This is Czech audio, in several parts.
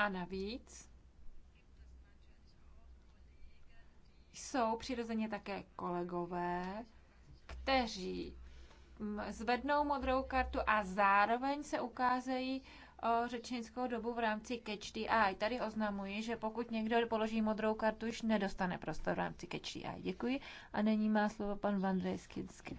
A navíc jsou přirozeně také kolegové, kteří mm, zvednou modrou kartu a zároveň se ukázejí o řečnickou dobu v rámci Catch the Eye. Tady oznamuji, že pokud někdo položí modrou kartu, už nedostane prostor v rámci Catch the Eye. Děkuji. A nyní má slovo pan Vandrej Skinsky.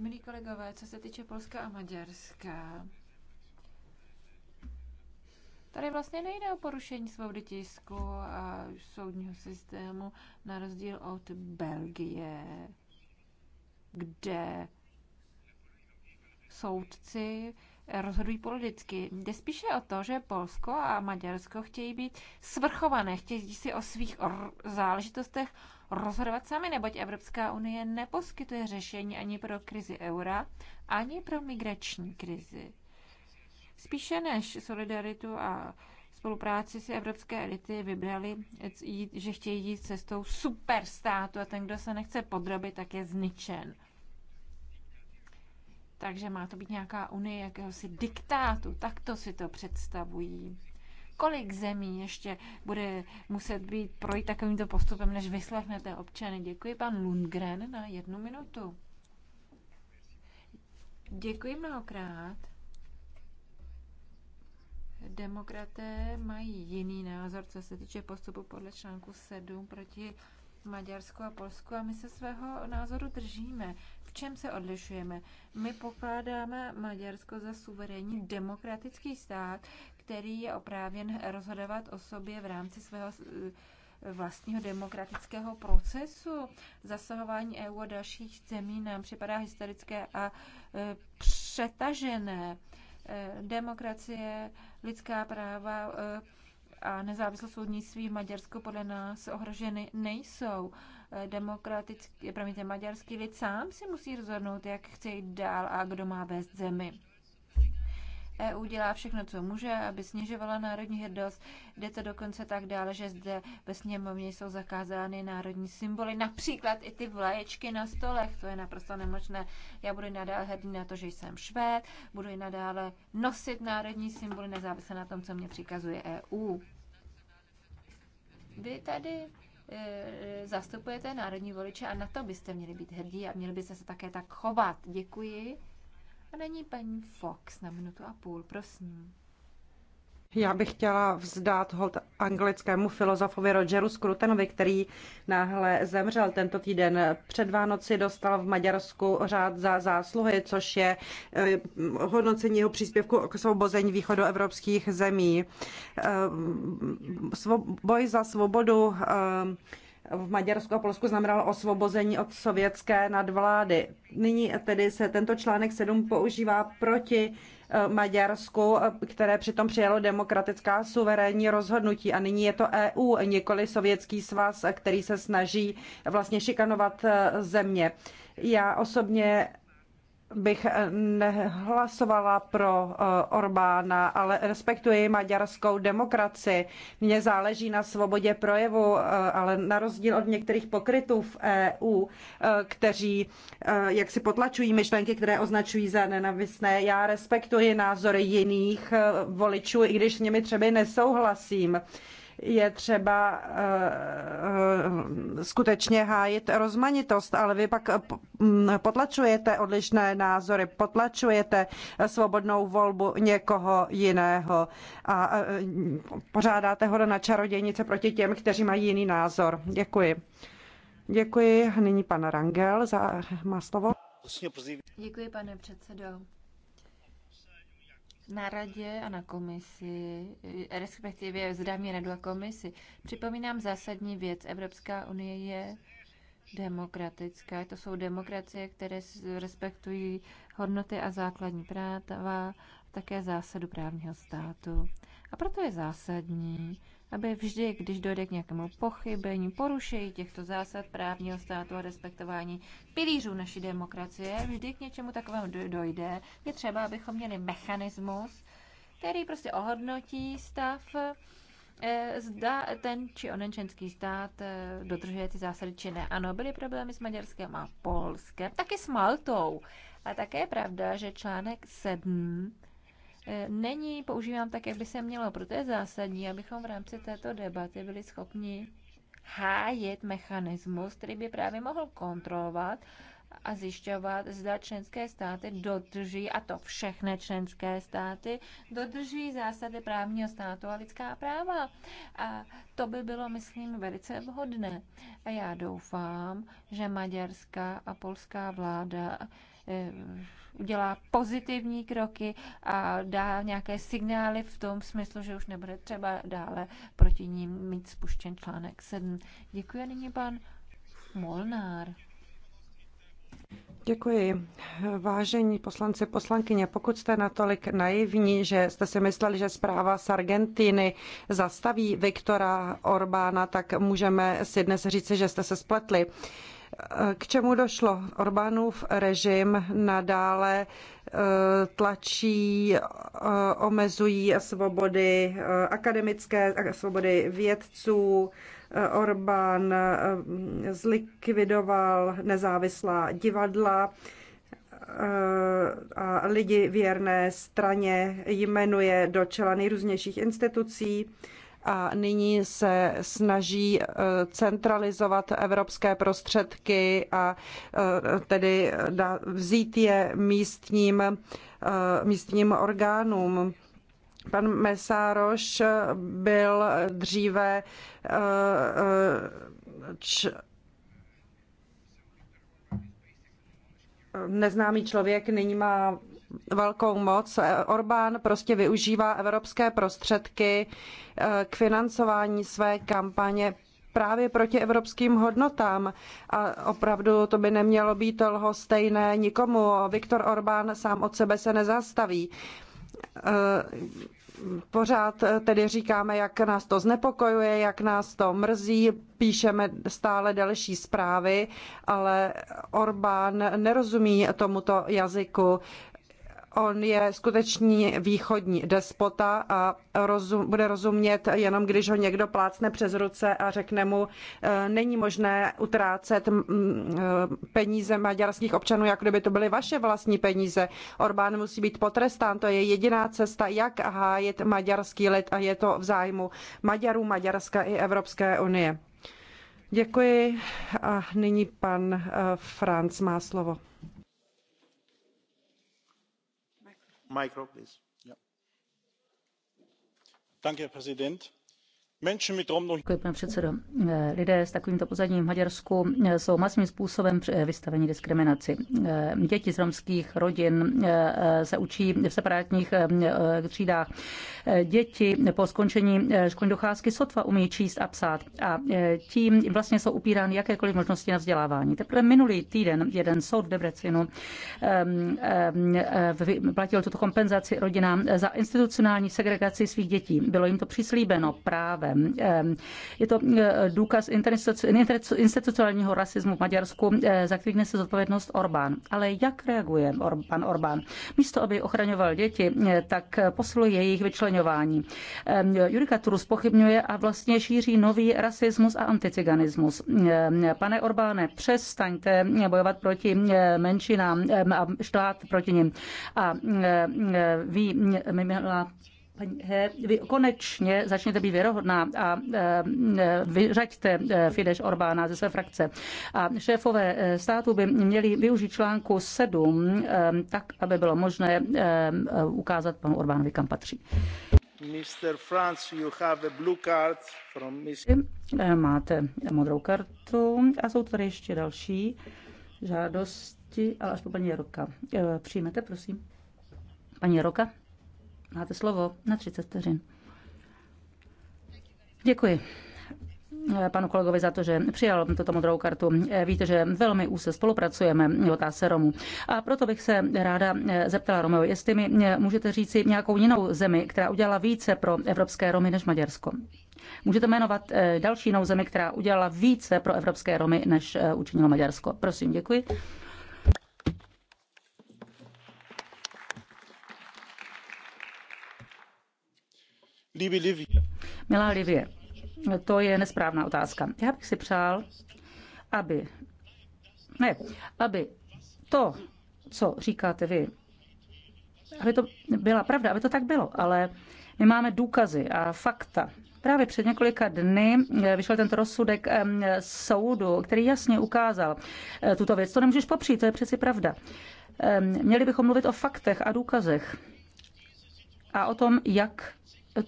Milí kolegové, co se týče Polska a Maďarska, tady vlastně nejde o porušení svobody tisku a soudního systému, na rozdíl od Belgie, kde soudci rozhodují politicky. Jde spíše o to, že Polsko a Maďarsko chtějí být svrchované, chtějí si o svých záležitostech rozhodovat sami, neboť Evropská unie neposkytuje řešení ani pro krizi eura, ani pro migrační krizi. Spíše než solidaritu a spolupráci si evropské elity vybrali, že chtějí jít cestou superstátu a ten, kdo se nechce podrobit, tak je zničen. Takže má to být nějaká unie jakéhosi diktátu. Takto si to představují kolik zemí ještě bude muset být projít takovýmto postupem, než vyslechnete občany. Děkuji pan Lundgren na jednu minutu. Děkuji mnohokrát. Demokraté mají jiný názor, co se týče postupu podle článku 7 proti Maďarsku a Polsku a my se svého názoru držíme. V čem se odlišujeme? My pokládáme Maďarsko za suverénní demokratický stát, který je oprávněn rozhodovat o sobě v rámci svého eh, vlastního demokratického procesu. Zasahování EU a dalších zemí nám připadá historické a eh, přetažené. Eh, demokracie, lidská práva a nezávislost soudnictví v Maďarsku podle nás ohroženy nejsou. Demokratický, promiňte, maďarský lid sám si musí rozhodnout, jak chce jít dál a kdo má vést zemi. EU dělá všechno, co může, aby snižovala národní hrdost. Jde to dokonce tak dále, že zde ve sněmovně jsou zakázány národní symboly, například i ty vlaječky na stolech. To je naprosto nemožné. Já budu nadále hrdý na to, že jsem švéd, budu i nadále nosit národní symboly nezávisle na tom, co mě přikazuje EU. Vy tady e, zastupujete národní voliče a na to byste měli být hrdí a měli byste se také tak chovat. Děkuji. A není paní Fox na minutu a půl, prosím. Já bych chtěla vzdát hold anglickému filozofovi Rogeru Scrutenovi, který náhle zemřel tento týden. Před Vánoci dostal v Maďarsku řád za zásluhy, což je eh, hodnocení jeho příspěvku k svobození východoevropských zemí. Eh, boj za svobodu eh, v Maďarsku a Polsku znamenalo osvobození od sovětské nadvlády. Nyní tedy se tento článek 7 používá proti eh, Maďarsku, eh, které přitom přijalo demokratická suverénní rozhodnutí. A nyní je to EU, nikoli Sovětský svaz, eh, který se snaží vlastně šikanovat země. Já osobně bych eh, nehlasovala pro eh, Orbána, ale respektuji maďarskou demokracii. Mně záleží na svobodě projevu, eh, ale na rozdíl od některých pokrytů v EU, kteří jak si potlačují myšlenky, které označují za nenavisné, já respektuji názory jiných voličů, i když s nimi třeba nesouhlasím je třeba eh, skutečně hájit rozmanitost, ale vy pak eh, mm, potlačujete odlišné názory, potlačujete svobodnou volbu někoho jiného a eh, pořádáte ho na čarodějnice proti těm, kteří mají jiný názor. Děkuji. Děkuji. Nyní pan Rangel za má slovo. Děkuji, pane předsedo na radě a na komisi, eh, respektive zda mě nedala komisi. Připomínám zásadní věc. Evropská unie je demokratická. To jsou demokracie, které respektují hodnoty a základní práva, také zásadu právního státu. A proto je zásadní, aby vždy, když dojde k nějakému pochybení, porušení těchto zásad právního státu a respektování pilířů naší demokracie, vždy k něčemu takovému dojde, je třeba, abychom měli mechanismus, který prostě ohodnotí stav, eh, zda ten či onen čenský stát eh, dodržuje ty zásady či ne. Ano, byly problémy s Maďarskem a Polskem, taky s Maltou. A také je pravda, že článek 7 E, není používám tak, jak by se mělo, proto je zásadní, abychom v rámci této debaty byli schopni hájit mechanismus, který by právě mohl kontrolovat a zjišťovat, zda členské státy dodrží, a to všechny členské státy, dodrží zásady právního státu a lidská práva. A to by bylo, myslím, velice vhodné. A já doufám, že maďarská a polská vláda e, udělá pozitivní kroky a dá nějaké signály v tom smyslu, že už nebude třeba dále proti ním mít spuštěn článek 7. Děkuji nyní pan Molnár. Děkuji. Vážení poslanci, poslankyně, pokud jste natolik naivní, že jste si mysleli, že zpráva z Argentiny zastaví Viktora Orbána, tak můžeme si dnes říci, že jste se spletli. Uh, k čemu došlo? Orbánův režim nadále e, tlačí, e, omezují svobody e, akademické, svobody vědců. Orbán zlikvidoval nezávislá divadla a lidi věrné straně jmenuje do čela nejrůznějších institucí a nyní se snaží eh, centralizovat evropské prostředky a eh, tedy eh, vzít je místním, místním orgánům. Pan Mesároš byl dříve č... neznámý člověk, nyní má velkou moc. Orbán prostě využívá evropské prostředky eh, k financování své kampaně právě proti evropským hodnotám. A opravdu to by nemělo být lhostejné nikomu. Viktor Orbán sám od sebe se nezastaví eh, pořád tedy říkáme, jak nás to znepokojuje, jak nás to mrzí, píšeme stále další zprávy, ale Orbán nerozumí tomuto jazyku. On je skutečný východní despota a rozum, bude rozumět jenom, když ho někdo plácne přes ruce a řekne mu, e, není možné utrácet e, peníze maďarských občanů, jako kdyby to byly vaše vlastní peníze. Orbán musí být potrestán, to je jediná cesta, jak hájit maďarský lid a je to v zájmu Maďarů, Maďarska i Evropské unie. Děkuji a nyní pan e, Franc má slovo. herr präsident! Děkuji, pane předsedo. Eh, lidé s takovýmto pozadím v Maďarsku eh, jsou masivním způsobem eh, vystaveni diskriminaci. Děti z romských rodin se učí v separátních třídách. Děti po skončení školní docházky sotva umí číst a psát a tím vlastně jsou upírány jakékoliv možnosti na vzdělávání. Teprve minulý týden jeden soud v Debrecinu ehm, ehm, platil tuto kompenzaci rodinám za institucionální segregaci svých dětí. Bylo jim to přislíbeno právě způsobem. Ehm, je to eh, důkaz institucionálního rasismu v Maďarsku, eh, za který nese zodpovědnost Orbán. Ale jak reaguje pan Orbán? Místo, aby ochraňoval děti, eh, tak posiluje jejich vyčlenování. Ehm, Judikaturu spochybňuje a vlastně šíří nový rasismus a anticiganismus. Ehm, pane Orbáne, přestaňte bojovat proti menšinám a štát proti nim. A vy, milá Eh, vy konečně začněte být věrohodná a eh, eh, vyřaďte Fidesz Orbána ze své frakce. A šéfové státu by měli využít článku 7 tak, aby bylo možné ukázat panu Orbánovi, kam patří. Mr. Franz, you have a blue card from Miss... Máte modrou kartu a jsou tady ještě další žádosti, ale až po paní Roka. Přijmete, prosím. Paní Roka? Máte slovo na 30 vteřin. Děkuji eh, panu kolegovi za to, že přijal tuto modrou kartu. Eh, víte, že velmi úzce spolupracujeme v otázce Romů. A proto bych se ráda eh, zeptala Romeo, jestli mi můžete říci nějakou jinou zemi, která udělala více pro evropské Romy než Maďarsko. Můžete jmenovat další jinou zemi, která udělala více pro evropské Romy, než učinilo Maďarsko. Prosím, děkuji. Milá Livie, to je nesprávná otázka. Já bych si přál, aby, ne, aby to, co říkáte vy, aby to byla pravda, aby to tak bylo, ale my máme důkazy a fakta. Právě před několika dny vyšel tento rozsudek soudu, který jasně ukázal eh, tuto věc. To nemůžeš popřít, to je přeci pravda. Měli bychom mluvit o faktech a důkazech a o tom, jak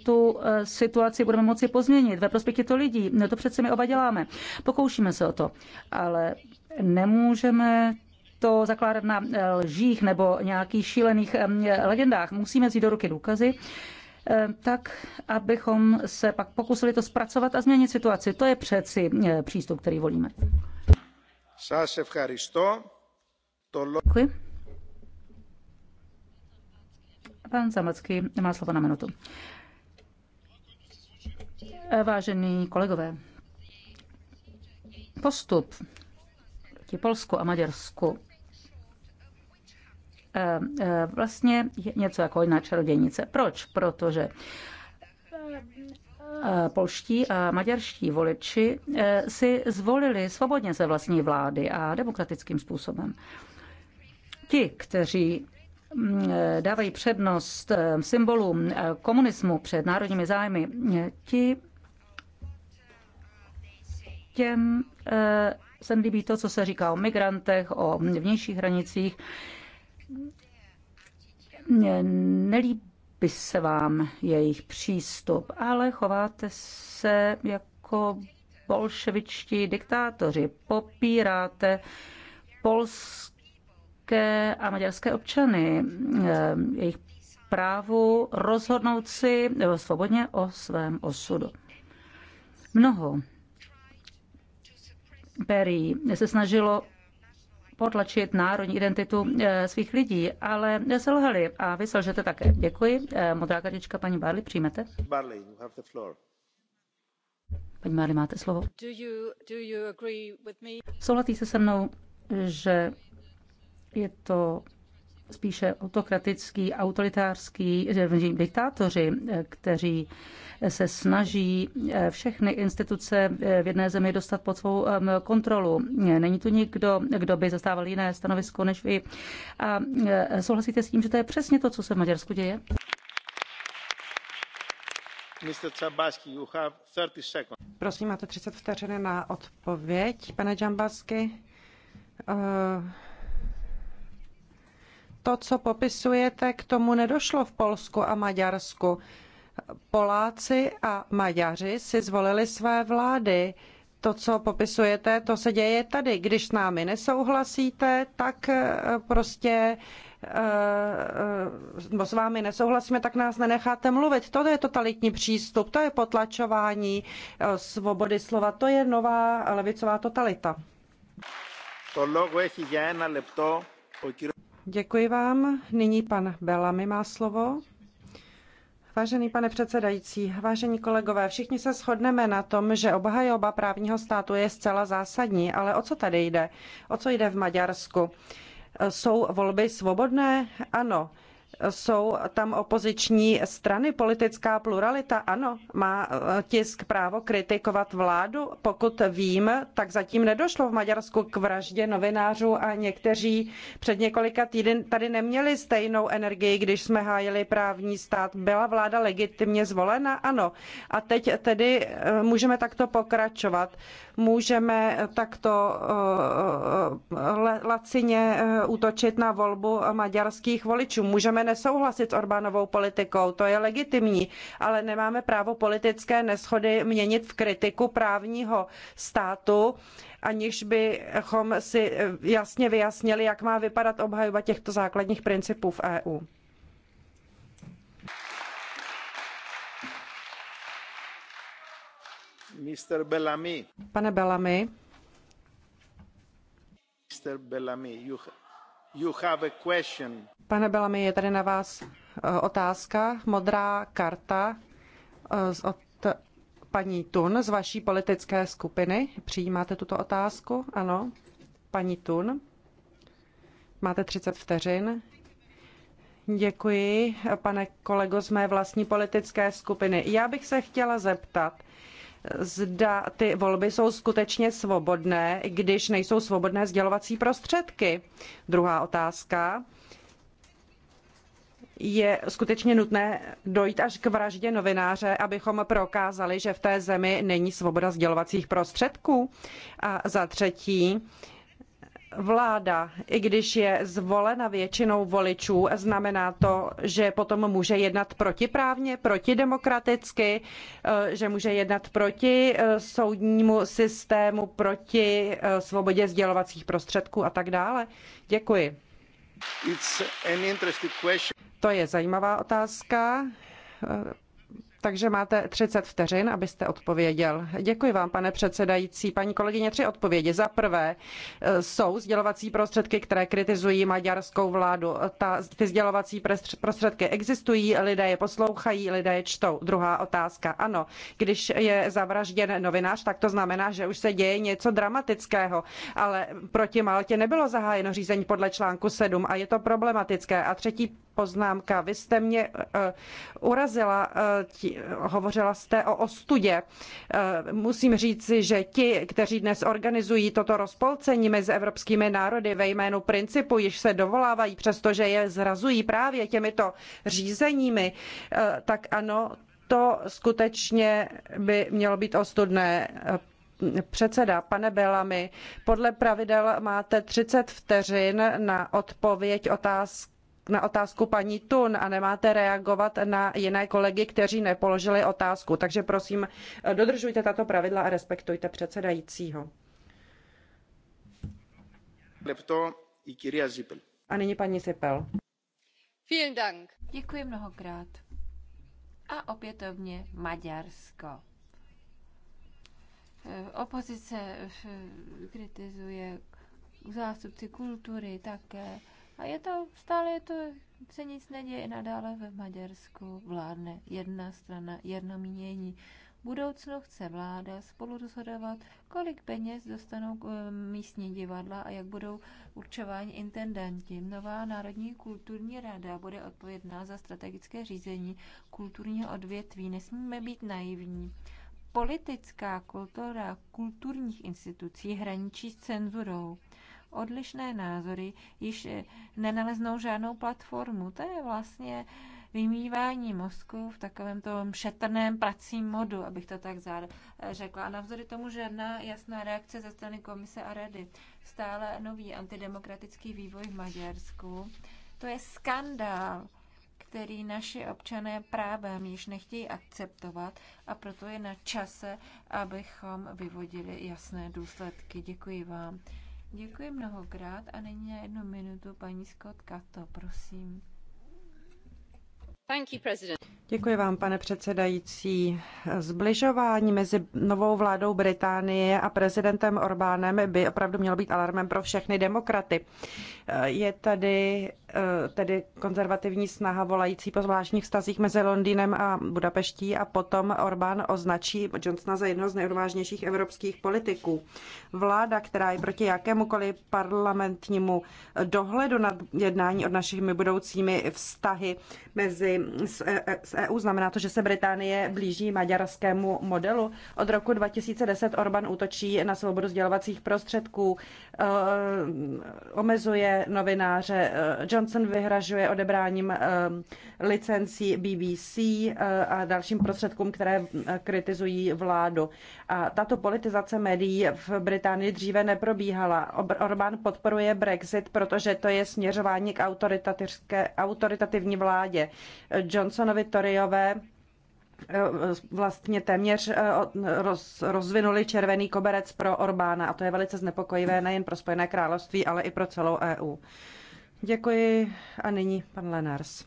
tu eh, situaci budeme moci pozměnit ve prospěch těchto lidí. no To přece my oba děláme. Pokoušíme se o to, ale nemůžeme to zakládat na eh, lžích nebo nějakých šílených eh, legendách. Musíme vzít do ruky důkazy, tak, abychom se pak pokusili to zpracovat a změnit situaci. To je přeci přístup, který volíme. Děkuji. Pan Zamacký má slovo na minutu. Vážení kolegové, postup proti Polsku a Maďarsku eh, eh, vlastně je něco jako jiná čarodějnice. Proč? Protože eh, polští a maďarští voliči si zvolili svobodně ze vlastní vlády a demokratickým způsobem. Ti, kteří mm, dávají přednost symbolům komunismu před národními zájmy, ti těm eh, se líbí to, co se říká o migrantech, o vnějších hranicích. Nelíbí se vám jejich přístup, ale chováte se jako bolševičtí diktátoři. Popíráte polské a maďarské občany, eh, jejich právu rozhodnout si svobodně o svém osudu. Mnoho Perry se snažilo potlačit národní identitu eh, svých lidí, ale selhali a vy selžete také. Děkuji. Eh, modrá kartička, paní Barley, přijmete? Barley, you have the floor. Paní Máry, máte slovo. Souhlasíte se, se mnou, že je to spíše autokratický, autoritářský diktátoři, eh, kteří se snaží eh, všechny instituce eh, v jedné zemi dostat pod svou kontrolu. Není tu nikdo, kdo by zastával jiné stanovisko než vy. A souhlasíte s tím, že to je přesně to, co se v Maďarsku děje? 30 Prosím, máte 30 vteřin na odpověď, pane Džambasky. Uh to, co popisujete, k tomu nedošlo v Polsku a Maďarsku. Poláci a Maďaři si zvolili své vlády. To, co popisujete, to se děje tady. Když s námi nesouhlasíte, tak eh, prostě eh, eh, nebo s vámi nesouhlasíme, tak nás nenecháte mluvit. To je totalitní přístup, to je potlačování svobody slova, to je nová levicová totalita. To logo je lepto, Děkuji vám. Nyní pan Bellamy má slovo. Vážený pane předsedající, vážení kolegové, všichni se shodneme na tom, že obhajoba právního státu je zcela zásadní, ale o co tady jde? O co jde v Maďarsku? Jsou volby svobodné? Ano jsou tam opoziční strany, politická pluralita. Ano, má eh, tisk právo kritikovat vládu. Pokud vím, tak zatím nedošlo v Maďarsku k vraždě novinářů a někteří před několika týdny tady neměli stejnou energii, když jsme hájili právní stát. Byla vláda legitimně zvolena? Ano. A teď tedy eh, můžeme takto pokračovat. Můžeme eh, takto lacině útočit na volbu maďarských voličů. Můžeme nesouhlasit s Orbánovou politikou, to je legitimní, ale nemáme právo politické neschody měnit v kritiku právního státu, aniž bychom si eh, jasně vyjasnili, jak má vypadat obhajoba těchto základních principů v EU. Mr. Bellamy. Pane Bellamy. Mr. Bellamy, you... Pane Bellamy, je tady na vás eh, otázka, modrá karta eh, od paní Tun z vaší politické skupiny. Přijímáte tuto otázku? Ano. Paní Tun, máte 30 vteřin. Děkuji, eh, pane kolego z mé vlastní politické skupiny. Já bych se chtěla zeptat, zda ty volby jsou skutečně svobodné, když nejsou svobodné sdělovací prostředky. Druhá otázka je skutečně nutné dojít až k vraždě novináře, abychom prokázali, že v té zemi není svoboda sdělovacích prostředků. A za třetí, vláda, i když je zvolena většinou voličů, znamená to, že potom může jednat protiprávně, protidemokraticky, eh, že může jednat proti eh, soudnímu systému, proti eh, svobodě sdělovacích prostředků a tak dále. Děkuji. To je zajímavá otázka takže máte 30 vteřin, abyste odpověděl. Děkuji vám, pane předsedající. Paní kolegyně, tři odpovědi. Za prvé, e, jsou sdělovací prostředky, které kritizují maďarskou vládu. Ta, ty sdělovací prostředky existují, lidé je poslouchají, lidé je čtou. Druhá otázka. Ano, když je zavražděn novinář, tak to znamená, že už se děje něco dramatického, ale proti Maltě nebylo zahájeno řízení podle článku 7 a je to problematické. A třetí poznámka. Vy jste mě uh, urazila, uh, e, tí, hovořila jste o ostudě. Uh, musím říci, že ti, kteří dnes organizují toto rozpolcení mezi evropskými národy ve jménu principu, již se dovolávají, přestože je zrazují právě těmito řízeními, uh, tak ano, to skutečně by mělo být ostudné předseda, pane Belami, podle pravidel máte 30 vteřin na odpověď otázky na otázku paní Tun a nemáte reagovat na jiné kolegy, kteří nepoložili otázku. Takže prosím, dodržujte tato pravidla a respektujte předsedajícího. A nyní paní Sipel. Děkuji mnohokrát. A opětovně Maďarsko. Opozice kritizuje zástupci kultury také a je to, stále je to, se nic neděje i nadále ve Maďarsku. Vládne jedna strana, jedno mínění. V chce vláda spolu rozhodovat, kolik peněz dostanou eh, místní divadla a jak budou určováni intendanti. Nová Národní kulturní rada bude odpovědná za strategické řízení kulturního odvětví. Nesmíme být naivní. Politická kultura kulturních institucí hraničí s cenzurou odlišné názory již nenaleznou žádnou platformu. To je vlastně vymývání mozku v takovém tom šetrném pracím modu, abych to tak řekla. A navzory tomu žádná jasná reakce ze strany komise a rady. Stále nový antidemokratický vývoj v Maďarsku. To je skandál, který naši občané právem již nechtějí akceptovat a proto je na čase, abychom vyvodili jasné důsledky. Děkuji vám. Děkuji mnohokrát a nyní na jednu minutu paní Scott Kato, prosím. Děkuji vám, pane předsedající. Zbližování mezi novou vládou Británie a prezidentem Orbánem by opravdu mělo být alarmem pro všechny demokraty. Je tady eh, tedy konzervativní snaha volající po zvláštních vztazích mezi Londýnem a Budapeští a potom Orbán označí Johnsona za jednoho z nejodvážnějších evropských politiků. Vláda, která je proti jakémukoliv parlamentnímu dohledu nad jednání od našimi budoucími vztahy, mezi s EU. E, e Znamená to, že se Británie blíží maďarskému modelu. Od roku 2010 Orban útočí na svobodu sdělovacích prostředků, e, omezuje novináře. Johnson vyhražuje odebráním licencí BBC a dalším prostředkům, které kritizují vládu. A tato politizace médií v Británii dříve neprobíhala. Orbán podporuje Brexit, protože to je směřování k autoritativní vládě vládě Johnsonovi Toryové eh, vlastně téměř eh, roz, rozvinuli červený koberec pro Orbána a to je velice znepokojivé nejen pro Spojené království, ale i pro celou EU. Děkuji a nyní pan Lenars.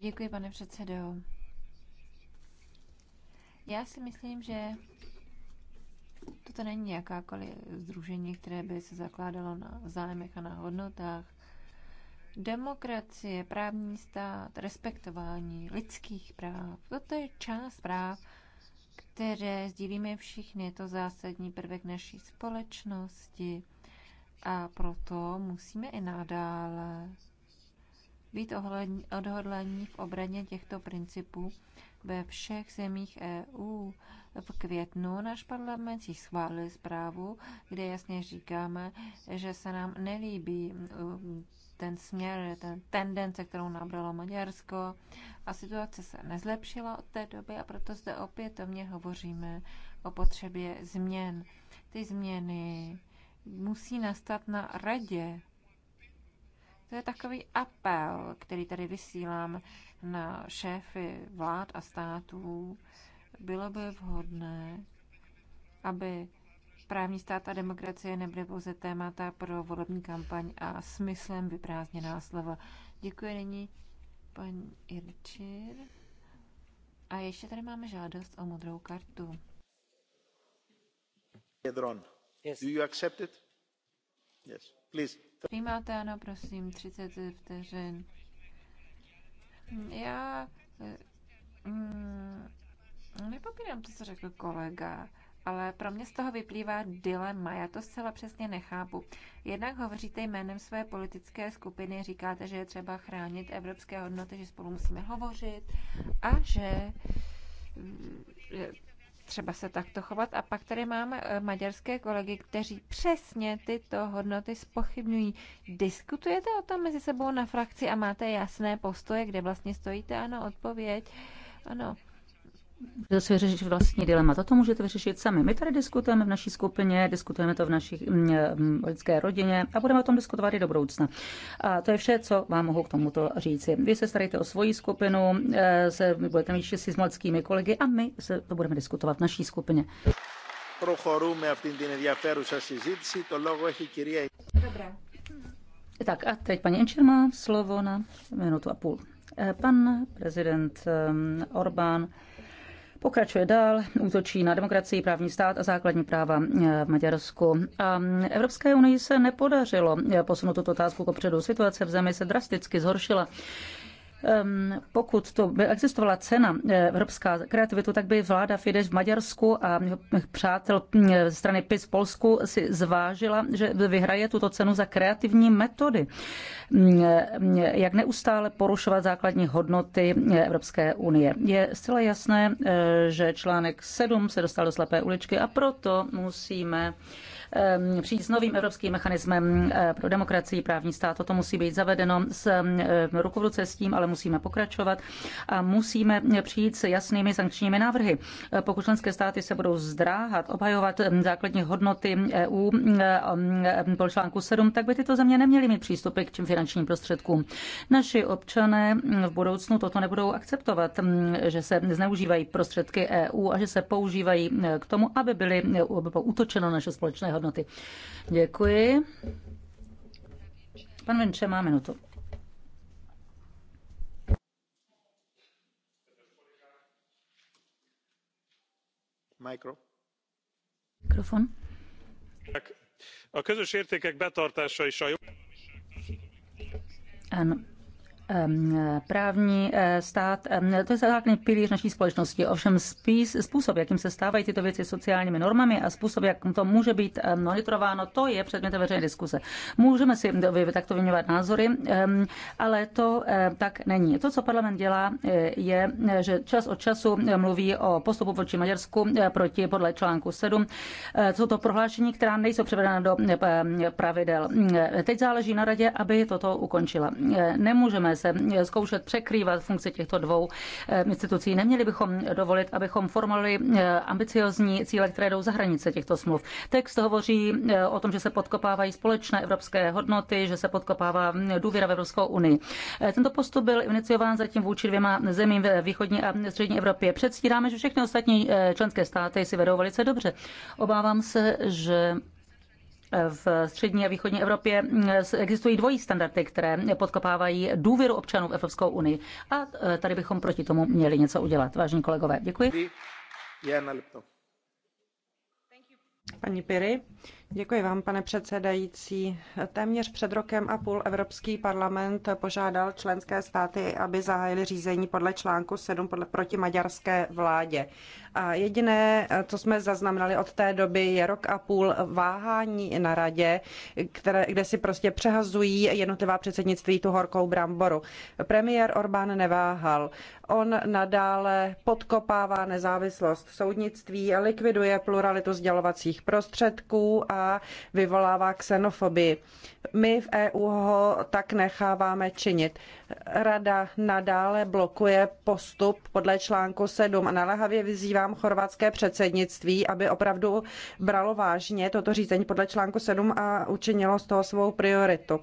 Děkuji, pane předsedo. Já si myslím, že Toto není jakákoliv združení, které by se zakládalo na zájmech a na hodnotách. Demokracie, právní stát, respektování lidských práv, toto je část práv, které sdílíme všichni. Je to zásadní prvek naší společnosti a proto musíme i nadále být odhodlaní v obraně těchto principů ve všech zemích EU. V květnu náš parlament si schválil zprávu, kde jasně říkáme, že se nám nelíbí mm, ten směr, ten tendence, kterou nabralo Maďarsko a situace se nezlepšila od té doby a proto zde opětovně hovoříme o potřebě změn. Ty změny musí nastat na radě. To je takový apel, který tady vysílám na šéfy vlád a států, bylo by vhodné, aby právní stát a demokracie nebyly pouze témata pro volební kampaň a smyslem vyprázdněná slova. Děkuji nyní paní Irčir. A ještě tady máme žádost o modrou kartu. Jedron. Yes. Do you accept it? Yes. Please. Přijímáte, ano, prosím, 30 vteřin. Já... Eh, mm, No, nepopírám to, co řekl kolega, ale pro mě z toho vyplývá dilema. Já to zcela přesně nechápu. Jednak hovoříte jménem své politické skupiny, říkáte, že je třeba chránit evropské hodnoty, že spolu musíme hovořit a že mm, třeba se takto chovat. A pak tady máme eh, maďarské kolegy, kteří přesně tyto hodnoty spochybňují. Diskutujete o tom mezi sebou na frakci a máte jasné postoje, kde vlastně stojíte? Ano, odpověď. Ano. Můžete si vyřešit vlastní dilema. Toto můžete vyřešit sami. My tady diskutujeme v naší skupině, diskutujeme to v naší mm, mm, lidské rodině a budeme o tom diskutovat i do budoucna. A to je vše, co vám mohu k tomuto říci. Vy se staráte o svoji skupinu, eh, se, budete mít si s mladskými kolegy a my se to budeme diskutovat v naší skupině. Προχωρούμε αυτήν την ενδιαφέρουσα συζήτηση. Το λόγο έχει η κυρία... Tak a teď paní Enčer má slovo na minutu a půl. Eh, pan prezident ehm, Orbán Pokračuje dál, útočí na demokracii, právní stát a základní práva eh, v Maďarsku. A Evropské unii se nepodařilo eh, posunout tuto otázku kopředu. Situace v zemi se drasticky zhoršila pokud to by existovala cena eh, evropská kreativitu, tak by vláda Fidesz v Maďarsku a přátel hm, eh, strany PIS v Polsku si zvážila, že vyhraje tuto cenu za kreativní metody. Hm, eh, hm, jak neustále porušovat základní hodnoty Evropské unie. Je zcela jasné, že článek 7 se dostal do slepé uličky a proto musíme Ehm, přijít s novým evropským mechanismem eh, pro demokracii, právní stát. Toto musí být zavedeno s ehm, ruku v ruce s tím, ale musíme pokračovat a musíme přijít s jasnými sankčními návrhy. Eh, pokud členské státy se budou zdráhat obhajovat ehm, základní hodnoty EU po článku 7, tak by tyto země neměly mít přístupy k čím finančním prostředkům. Naši občané v budoucnu toto nebudou akceptovat, že se zneužívají prostředky EU a že se používají eh, k tomu, aby byly útočeno naše společné hodnoty hodnoty. Děkuji. Pan Vinče má minutu. Mikro. Mikrofon. A közös értékek betartása is a Ano, Právní eh, stát, to je základní pilíř naší společnosti. Ovšem spíš způsob, jakým se stávají tyto věci sociálními normami a způsob, jak to může být monitorováno, to je předmětem veřejné diskuse. Můžeme si takto vyměňovat názory, ale to eh, tak není. To, co parlament dělá, eh, je, že čas od času mluví o postupu vůči Maďarsku proti podle článku 7. Jsou to prohlášení, která nejsou převedena do pravidel. Teď záleží na radě, aby toto ukončila. Nemůžeme se zkoušet překrývat funkce těchto dvou eh, institucí. Neměli bychom dovolit, abychom formulovali eh, ambiciozní cíle, které jdou za hranice těchto smluv. Text hovoří eh, o tom, že se podkopávají společné evropské hodnoty, že se podkopává mm, důvěra v Evropskou unii. Tento postup byl iniciován zatím vůči dvěma zemím ve východní a střední Evropě. Předstíráme, že všechny ostatní členské státy si vedou velice dobře. Obávám se, že v střední a východní Evropě mm, existují dvojí standardy, které podkopávají důvěru občanů v Evropskou unii. A e, tady bychom proti tomu měli něco udělat. Vážení kolegové, děkuji. Paní Piri, Děkuji vám, pane předsedající. Téměř před rokem a půl Evropský parlament požádal členské státy, aby zahájili řízení podle článku 7 podle, proti maďarské vládě. A jediné, co jsme zaznamenali od té doby, je rok a půl váhání na radě, které, kde si prostě přehazují jednotlivá předsednictví tu horkou bramboru. Premiér Orbán neváhal. On nadále podkopává nezávislost soudnictví, likviduje pluralitu sdělovacích prostředků a vyvolává xenofobii. My v EU ho tak necháváme činit. Rada nadále blokuje postup podle článku 7 a naléhavě vyzývám chorvatské předsednictví, aby opravdu bralo vážně toto řízení podle článku 7 a učinilo z toho svou prioritu.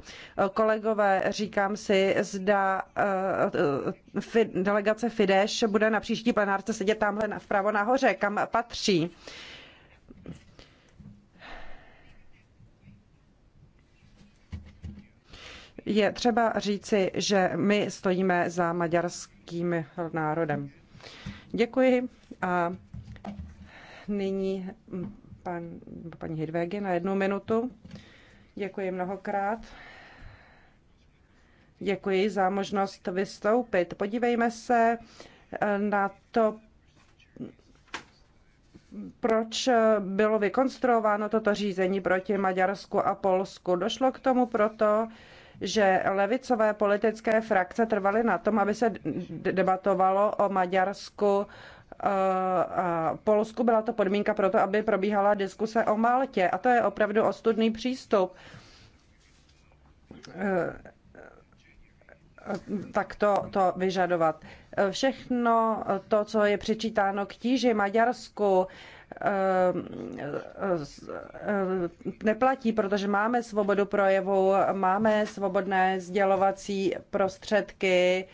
Kolegové, říkám si, zda eh, delegace Fidesz bude na příští plenárce sedět tamhle vpravo nahoře, kam patří. je třeba říci, že my stojíme za maďarským národem. Děkuji a nyní pan, paní Hidvégy na jednu minutu. Děkuji mnohokrát. Děkuji za možnost vystoupit. Podívejme se eh, na to, proč bylo vykonstruováno toto řízení proti Maďarsku a Polsku. Došlo k tomu proto, že levicové politické frakce trvaly na tom, aby se debatovalo o Maďarsku e, a Polsku. Byla to podmínka pro to, aby probíhala diskuse o Maltě. A to je opravdu ostudný přístup e, e, tak to, to vyžadovat. Všechno to, co je přičítáno k tíži Maďarsku, Eh, eh, neplatí, protože máme svobodu projevu, máme svobodné sdělovací prostředky,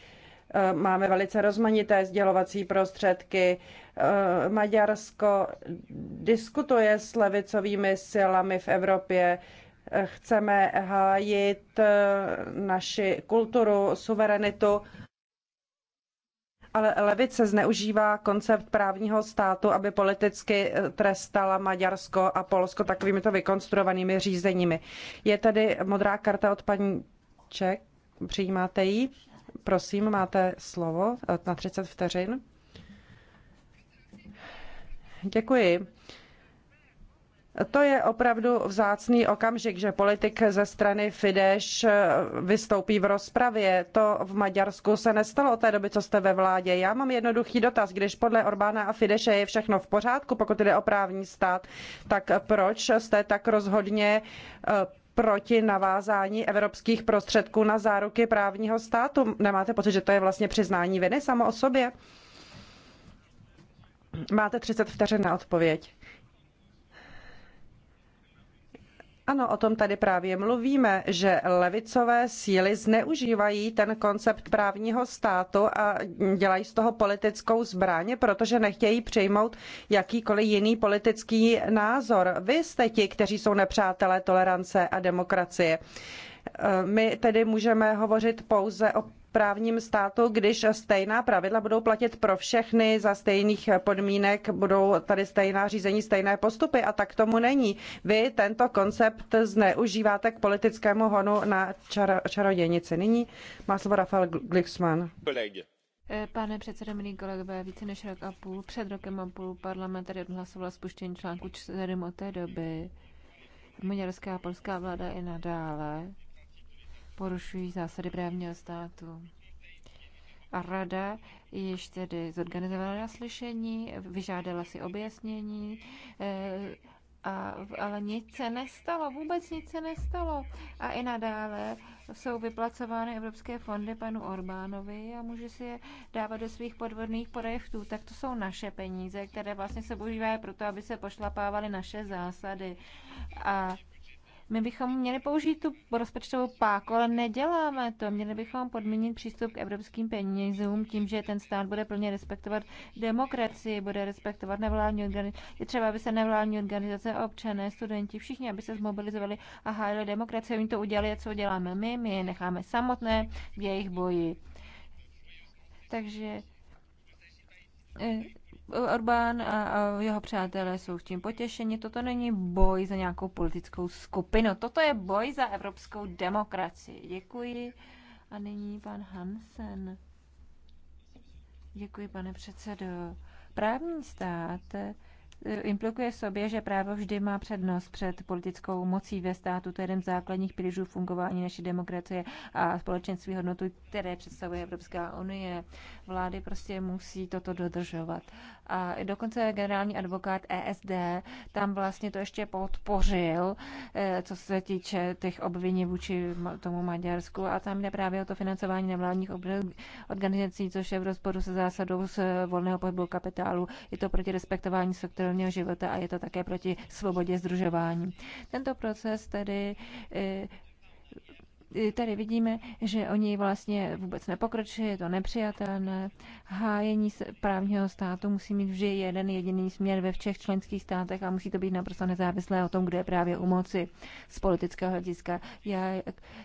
eh, máme velice rozmanité sdělovací prostředky. Maďarsko diskutuje s levicovými silami v Evropě. Chceme hájit naši kulturu, suverenitu ale levice zneužívá koncept právního státu, aby politicky eh, trestala Maďarsko a Polsko takovýmito vykonstruovanými řízeními. Je tady modrá karta od paní Ček, přijímáte ji? Prosím, máte slovo eh, na 30 vteřin. Děkuji. To je opravdu vzácný okamžik, že politik ze strany Fidesz eh, vystoupí v rozpravě. To v Maďarsku se nestalo od té doby, co jste ve vládě. Já mám jednoduchý dotaz. Když podle Orbána a Fideše je všechno v pořádku, pokud jde o právní stát, tak proč jste tak rozhodně eh, proti navázání evropských prostředků na záruky právního státu? Nemáte pocit, že to je vlastně přiznání viny samo o sobě? Máte 30 vteřin na odpověď. Ano, o tom tady právě mluvíme, že levicové síly zneužívají ten koncept právního státu a dělají z toho politickou zbraně, protože nechtějí přijmout jakýkoliv jiný politický názor. Vy jste ti, kteří jsou nepřátelé tolerance a demokracie. My tedy můžeme hovořit pouze o právním státu, když stejná pravidla budou platit pro všechny za stejných podmínek, budou tady stejná řízení, stejné postupy a tak tomu není. Vy tento koncept zneužíváte k politickému honu na čar- čarodějnici. Nyní má slovo Rafael Glixman. Eh, pane předsedo, milí kolegové, více než rok a půl, před rokem a půl parlament tady odhlasoval spuštění článku 4 od té doby. Maďarská a polská vláda i nadále porušují zásady právního státu. A rada již tedy zorganizovala slyšení, vyžádala si objasnění, eh, a, ale nic se nestalo, vůbec nic se nestalo. A i nadále jsou vyplacovány evropské fondy panu Orbánovi a může si je dávat do svých podvodných projektů. Tak to jsou naše peníze, které vlastně se používají proto, aby se pošlapávaly naše zásady. A my bychom měli použít tu rozpočtovou páku, ale neděláme to. Měli bychom podmínit přístup k evropským penězům tím, že ten stát bude plně respektovat demokracii, bude respektovat nevládní organizace. Je třeba, aby se nevládní organizace, občané, studenti, všichni, aby se zmobilizovali a hájili demokracii. Oni to udělali, co děláme my, my je necháme samotné v jejich boji. Takže eh, Orbán a jeho přátelé jsou s tím potěšeni. Toto není boj za nějakou politickou skupinu. Toto je boj za evropskou demokracii. Děkuji. A nyní pan Hansen. Děkuji, pane předsedo. Právní stát eh, implikuje v sobě, že právo vždy má přednost před politickou mocí ve státu. To je jeden z základních pilířů fungování naší demokracie a společenství hodnotu, které představuje Evropská unie. Vlády prostě musí toto dodržovat. A dokonce generální advokát ESD tam vlastně to ještě podpořil, eh, co se týče těch obvinění vůči tomu Maďarsku. A tam jde právě o to financování nevládních organizací, což je v rozporu se zásadou z volného pohybu kapitálu. Je to proti respektování sektorálního života a je to také proti svobodě združování. Tento proces tedy eh, tady vidíme, že oni vlastně vůbec nepokročili, je to nepřijatelné. Hájení právního státu musí mít vždy jeden jediný směr ve všech členských státech a musí to být naprosto nezávislé o tom, kde je právě u moci z politického hlediska. Já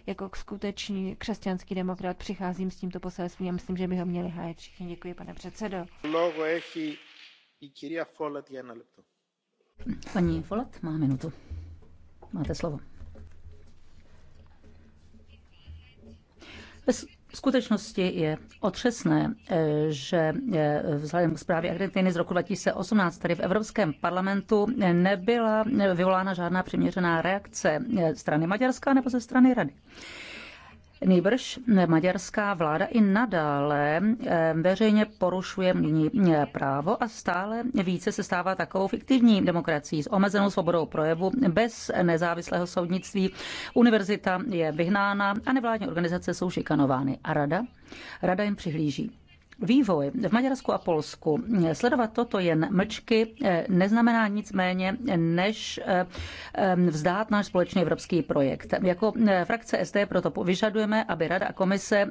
jako skutečný křesťanský demokrat přicházím s tímto poselstvím a myslím, že by ho měli hájit všichni. Děkuji, pane předsedo. Paní Folat má minutu. Máte slovo. Bez skutečnosti je otřesné, eh, že eh, vzhledem k zprávě Argentiny z roku 2018 tady v Evropském parlamentu nebyla vyvolána žádná přiměřená reakce eh, strany Maďarska nebo ze strany Rady. Nejbrž maďarská vláda i nadále eh, veřejně porušuje eh, právo a stále více se stává takovou fiktivní demokracií s omezenou svobodou projevu bez nezávislého soudnictví. Univerzita je vyhnána a nevládní organizace jsou šikanovány. A rada? Rada jim přihlíží vývoj v Maďarsku a Polsku. Sledovat toto jen mlčky eh, neznamená nic méně, než eh, vzdát náš společný evropský projekt. Jako eh, frakce SD proto vyžadujeme, aby Rada a Komise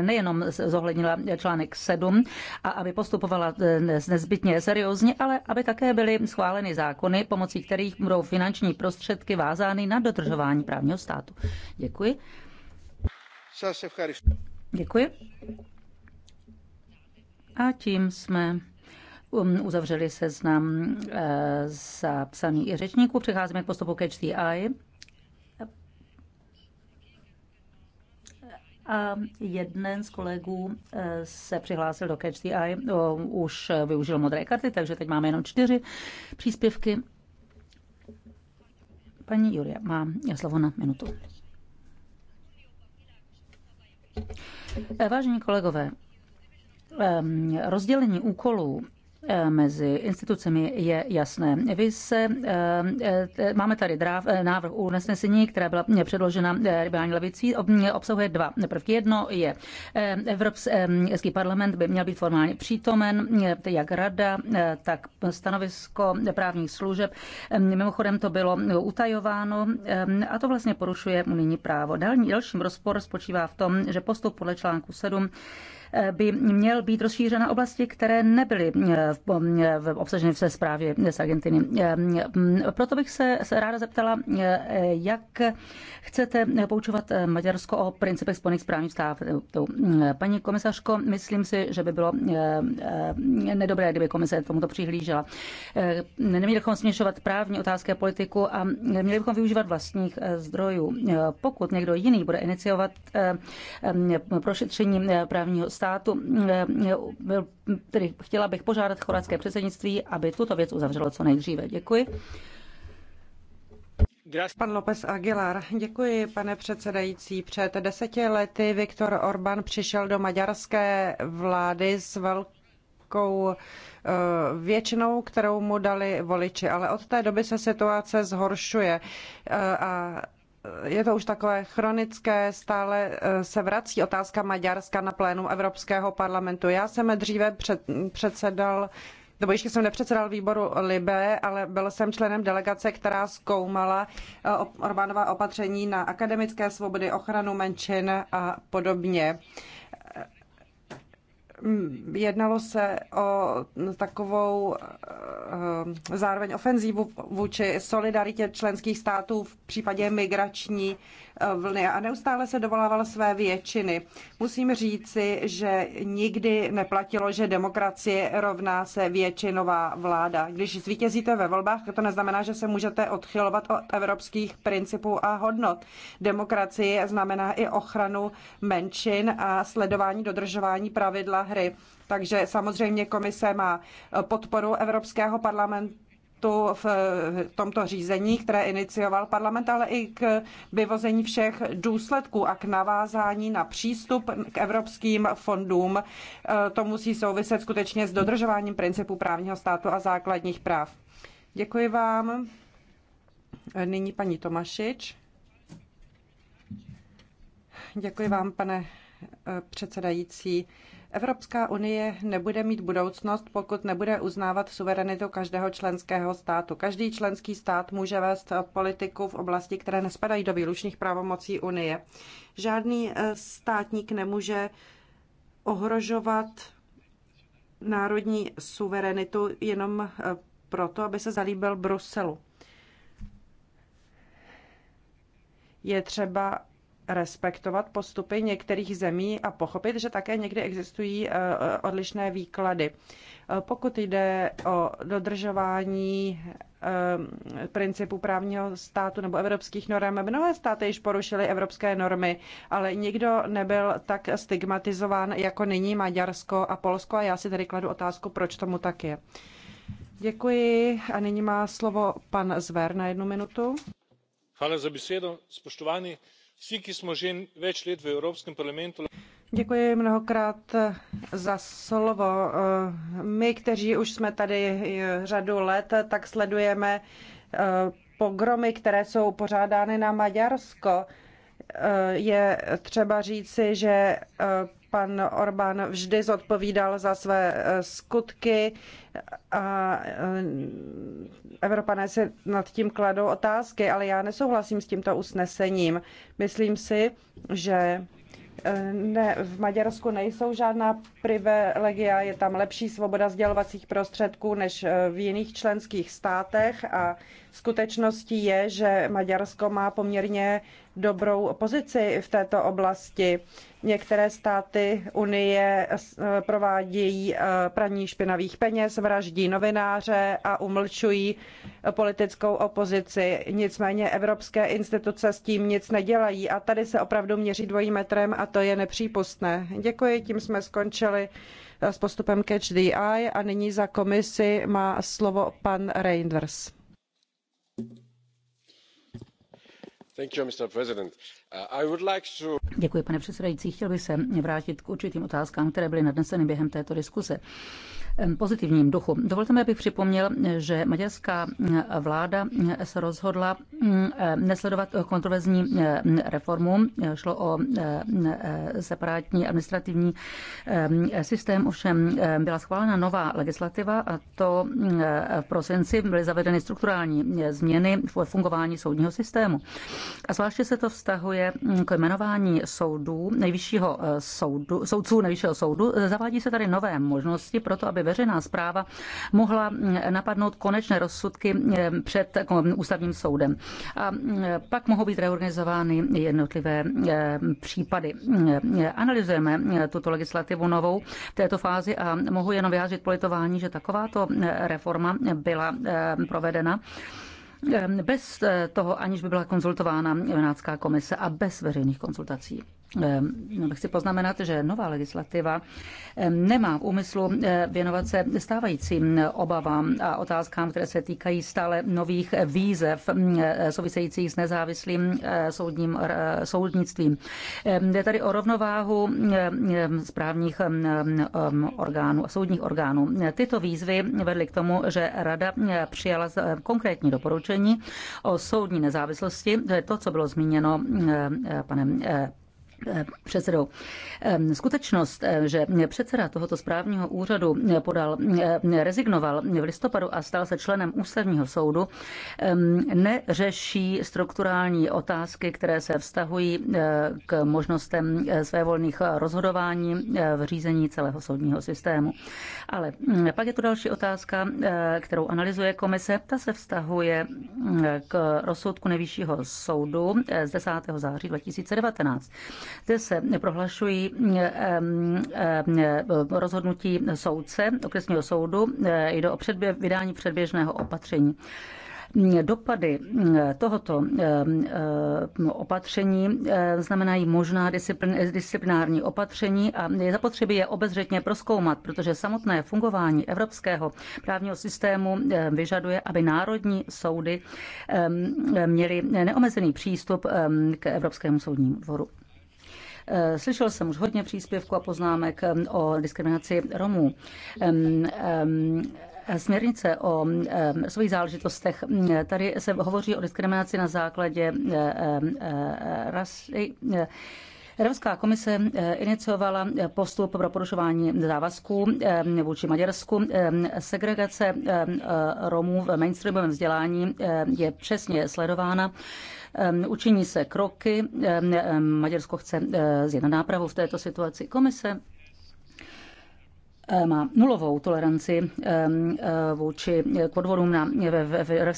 nejenom zohlednila článek 7 a aby postupovala nezbytně seriózně, ale aby také byly schváleny zákony, pomocí kterých budou finanční prostředky vázány na dodržování právního státu. Děkuji. Děkuji. A tím jsme um, uzavřeli seznam eh, zapsaných i řečníků. Přecházíme k postupu Catch the Eye. A jeden z kolegů eh, se přihlásil do Catch the Eye, už využil modré karty, takže teď máme jenom čtyři příspěvky. Paní Julia má slovo na minutu. Eh, vážení kolegové, rozdělení úkolů mezi institucemi je jasné. Vy se, e, e, máme tady dráv, e, návrh usnesení, která byla předložena liberální levicí, obsahuje dva prvky. Jedno je, Evropský parlament by měl být formálně přítomen, jak rada, tak stanovisko právních služeb. Mimochodem to bylo utajováno a to vlastně porušuje unijní právo. dalším rozpor spočívá v tom, že postup podle článku 7 by měl být rozšířen na oblasti, které nebyly eh, eh, obsaženy v zprávě z Argentiny. Eh, proto bych se ráda zeptala, jak chcete poučovat Maďarsko o principech spojených s právním státem. Paní komisařko, myslím si, že by bylo nedobré, kdyby komise tomuto přihlížela. Neměli bychom směšovat právní otázky a politiku a měli bychom využívat vlastních zdrojů. Pokud někdo jiný bude iniciovat prošetření právního státu, státu. Eh, tedy chtěla bych požádat chorvatské předsednictví, aby tuto věc uzavřelo co nejdříve. Děkuji. Pan López Aguilar, děkuji, pane předsedající. Před deseti lety Viktor Orbán přišel do maďarské vlády s velkou eh, většinou, kterou mu dali voliči, ale od té doby se situace zhoršuje eh, a je to už takové chronické, stále eh, se vrací otázka Maďarska na plénu Evropského parlamentu. Já jsem dříve před, předsedal nebo ještě jsem nepředsedal výboru Libe, ale byl jsem členem delegace, která zkoumala eh, Orbánova opatření na akademické svobody, ochranu menšin a podobně. Mm, jednalo se o takovou eh, zároveň ofenzívu vůči solidaritě členských států v případě migrační vlny a neustále se dovolával své většiny. Musím říci, že nikdy neplatilo, že demokracie rovná se většinová vláda. Když zvítězíte ve volbách, to neznamená, že se můžete odchylovat od evropských principů a hodnot. Demokracie znamená i ochranu menšin a sledování dodržování pravidla hry. Takže samozřejmě komise má podporu Evropského parlamentu tu v tomto řízení, které inicioval parlament, ale i k vyvození všech důsledků a k navázání na přístup k evropským fondům. E, to musí souviset skutečně s dodržováním principů právního státu a základních práv. Děkuji vám. E, nyní paní Tomašič. Děkuji vám, pane e, předsedající. Evropská unie nebude mít budoucnost, pokud nebude uznávat suverenitu každého členského státu. Každý členský stát může vést politiku v oblasti, které nespadají do výlučných pravomocí unie. Žádný eh, státník nemůže ohrožovat národní suverenitu jenom eh, proto, aby se zalíbil Bruselu. Je třeba respektovat postupy některých zemí a pochopit, že také někdy existují eh, eh, odlišné výklady. Eh, pokud jde o dodržování principu právního státu nebo evropských norm. Mnohé státy již porušily evropské normy, ale nikdo nebyl tak stigmatizován jako nyní Maďarsko a Polsko a já si tady kladu otázku, proč tomu tak je. Děkuji a nyní má slovo pan Zver na jednu minutu. Hvala za besedo, spoštovani. Děkuji mnohokrát eh, za slovo. Eh, my, kteří už jsme tady eh, řadu let, tak sledujeme pogromy, které jsou pořádány na Maďarsko. Je třeba říci, že pan Orbán vždy zodpovídal za své eh, skutky a eh, Evropané se nad tím kladou otázky, ale já nesouhlasím s tímto usnesením. Myslím si, že eh, ne, v Maďarsku nejsou žádná privilegia, je tam lepší svoboda sdělovacích prostředků než v jiných členských státech a skutečností je, že Maďarsko má poměrně dobrou pozici v této oblasti. Některé státy Unie eh, provádějí eh, praní špinavých peněz, vraždí novináře a umlčují politickou opozici. Nicméně evropské instituce s tím nic nedělají a tady se opravdu měří dvojím metrem a to je nepřípustné. Děkuji, tím jsme skončili eh, s postupem Catch the Eye a nyní za komisi má slovo pan Reinders. Uh, Děkuji, pane předsedající. Chtěl bych se vrátit k určitým otázkám, které byly nadneseny během této diskuse pozitivním duchu. Dovolte mi, abych připomněl, že maďarská vláda se rozhodla nesledovat kontroverzní reformu. Šlo o separátní administrativní systém, ovšem byla schválena nová legislativa a to v prosinci byly zavedeny strukturální změny v fungování soudního systému. A zvláště se to vztahuje k jmenování soudů, nejvyššího eh, soudu, soudců nejvyššího soudu. Zavádí se tady nové možnosti pro to, aby veřejná zpráva mohla napadnout konečné rozsudky eh, před eh, ústavním soudem. A eh, pak mohou být reorganizovány jednotlivé případy. Analyzujeme tuto legislativu novou v této fázi a mohu jenom vyjádřit politování, že takováto reforma byla provedena bez toho, aniž by byla konzultována Venácká komise a bez veřejných konzultací. Ehm, chci poznamenat, že nová legislativa ehm, nemá v úmyslu eh, věnovat se stávajícím obavám a otázkám, které se týkají stále nových výzev mm, eh, souvisejících s nezávislým eh, soudním, soudnictvím. Ehm, jde tady o rovnováhu mm, správních mm, orgánů a soudních orgánů. Tyto výzvy vedly k tomu, že Rada přijala konkrétní doporučení o soudní nezávislosti, to, co bylo zmíněno panem Eh, předsedou. Skutečnost, eh, že předseda tohoto správního úřadu eh, podal, rezignoval v listopadu a stal se členem ústavního soudu, neřeší strukturální otázky, které se vztahují k možnostem svévolných rozhodování v řízení celého soudního systému. Ale hm, pak je tu další otázka, kterou analyzuje komise. Ta se vztahuje hm, k rozsudku nejvyššího soudu z 10. září 2019. Zde se prohlašují eh, eh, rozhodnutí soudce okresního soudu. Eh, jde o předbě- vydání předběžného opatření dopady tohoto opatření znamenají možná disciplinární opatření a je zapotřebí je obezřetně proskoumat, protože samotné fungování evropského právního systému vyžaduje, aby národní soudy měly neomezený přístup k Evropskému soudnímu dvoru. Eh, slyšel jsem už hodně příspěvků a poznámek eh, o diskriminaci Romů směrnice o svých záležitostech. Eh, tady se hovoří o diskriminaci na základě rasy. Evropská komise iniciovala postup pro porušování závazků vůči Maďarsku. Segregace Romů v mainstreamovém vzdělání je přesně sledována učiní se kroky. Maďarsko chce eh, zjednat nápravu v této situaci. Komise Eh, má nulovou toleranci eh, eh, vůči podvodům na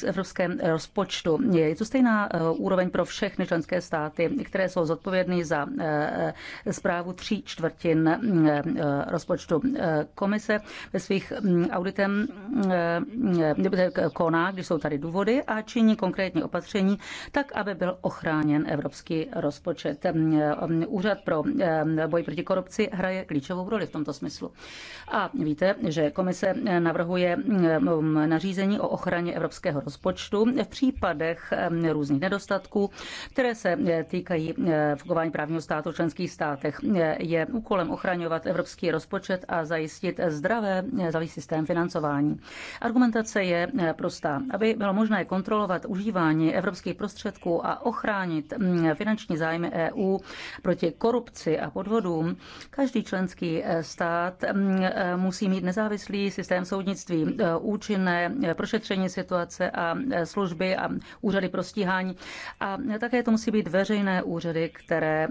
evropském rozpočtu. Je to stejná úroveň pro všechny členské státy, které jsou zodpovědné za zprávu tří čtvrtin rozpočtu. Komise ve svých hm, auditem koná, když jsou tady důvody a činí konkrétní opatření, tak, aby byl ochráněn evropský rozpočet. Hm, úřad pro boj proti korupci hraje klíčovou roli v tomto smyslu. A víte, že komise navrhuje mm, nařízení o ochraně evropského rozpočtu v případech mm, různých nedostatků, které se e, týkají e, fungování právního státu v členských státech. E, je úkolem ochraňovat evropský rozpočet a zajistit zdravé, zdravý systém financování. Argumentace je prostá. Aby bylo možné kontrolovat užívání evropských prostředků a ochránit mm, finanční zájmy EU proti korupci a podvodům, každý členský stát Eh, musí mít nezávislý systém soudnictví, eh, účinné eh, prošetření situace a služby a úřady pro stíhání. A také to musí být veřejné úřady, které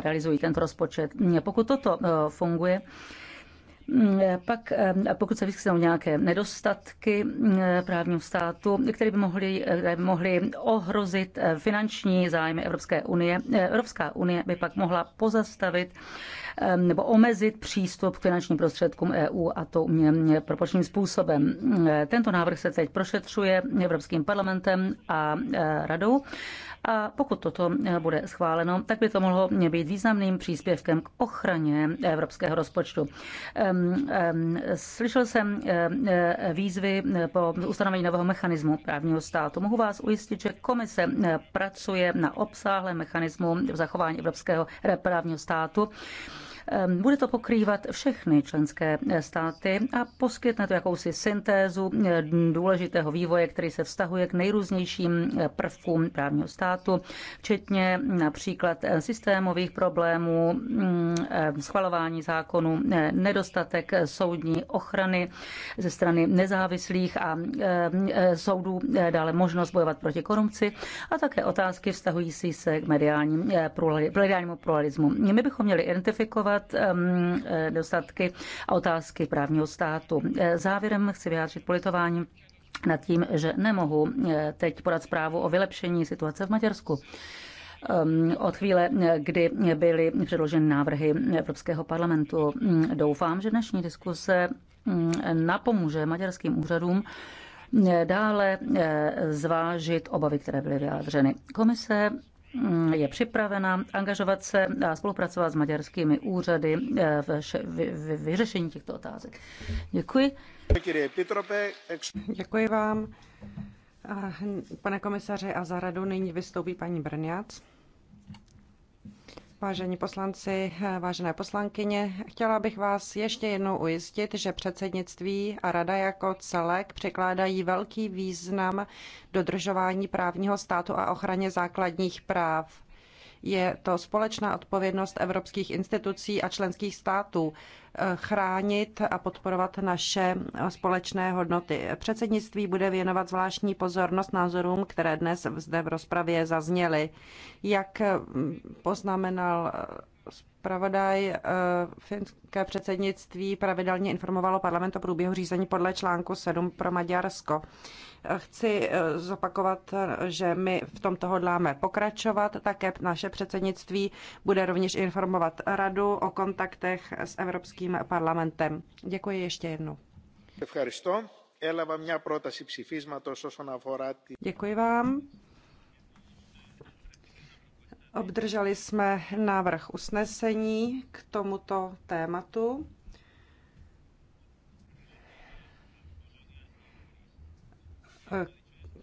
realizují tento rozpočet. Pokud toto funguje, pak, pokud se vyskytnou nějaké nedostatky právního státu, které by mohly, které by mohly ohrozit finanční zájmy Evropské unie, Evropská unie by pak mohla pozastavit nebo omezit přístup k finančním prostředkům EU a to proporčním způsobem. E, tento návrh se teď prošetřuje Evropským parlamentem a e, radou. A pokud toto e, bude schváleno, tak by to mohlo být významným příspěvkem k ochraně evropského rozpočtu. Slyšel jsem výzvy po ustanovení nového mechanismu právního státu. Mohu vás ujistit, že komise pracuje na obsáhlém mechanismu zachování evropského právního státu. Ehm, bude to pokrývat všechny členské eh, státy a poskytne to jakousi syntézu eh, důležitého vývoje, který se vztahuje k nejrůznějším eh, prvkům právního státu, včetně například systémových problémů, mm, schvalování zákonů, nedostatek soudní ochrany ze strany nezávislých a soudů, dále možnost bojovat proti korupci a také otázky vztahující se k mediálním, pluralismu. My bychom měli identifikovat um, dostatky a otázky právního státu. E, závěrem chci vyjádřit politování nad tím, že nemohu e, teď podat zprávu o vylepšení situace v Maďarsku od chvíle, kdy byly předloženy návrhy Evropského parlamentu. Mm, doufám, že dnešní diskuse mm, napomůže maďarským úřadům dále zvážit obavy, které byly vyjádřeny. Komise Mm, je připravena angažovat se a spolupracovat s maďarskými úřady eh, v vyřešení těchto otázek. Děkuji. Děkuji vám. Pane komisaři a za radu nyní vystoupí paní Brňac. Vážení poslanci, vážené poslankyně, chtěla bych vás ještě jednou ujistit, že předsednictví a rada jako celek překládají velký význam dodržování právního státu a ochraně základních práv. Je to společná odpovědnost evropských institucí a členských států eh, chránit a podporovat naše společné hodnoty. Předsednictví bude věnovat zvláštní pozornost názorům, které dnes zde v rozpravě zazněly. Jak eh, poznamenal eh, Pravodaj finské předsednictví pravidelně informovalo parlament o průběhu řízení podle článku 7 pro Maďarsko. Chci eh, zopakovat, že my v tomto hodláme pokračovat. Také naše předsednictví bude rovněž informovat radu o kontaktech s Evropským parlamentem. Děkuji ještě jednou. Děkuji vám. Obdrželi jsme návrh usnesení k tomuto tématu.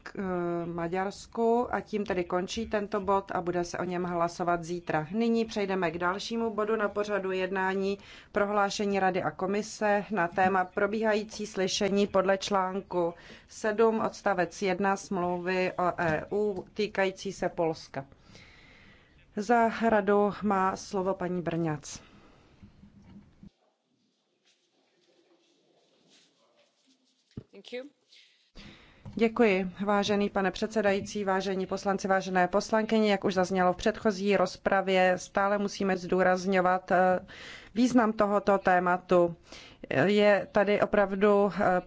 k eh, Maďarsku a tím tedy končí tento bod a bude se o něm hlasovat zítra. Nyní přejdeme k dalšímu bodu na pořadu jednání prohlášení Rady a komise na téma probíhající slyšení podle článku 7 odstavec 1 smlouvy o EU týkající se Polska. Za radu má slovo paní Brňac. Thank you. Děkuji, vážený pane předsedající, vážení poslanci, vážené poslankyně. Jak už zaznělo v předchozí rozpravě, stále musíme zdůrazňovat eh, význam tohoto tématu. Je tady opravdu eh,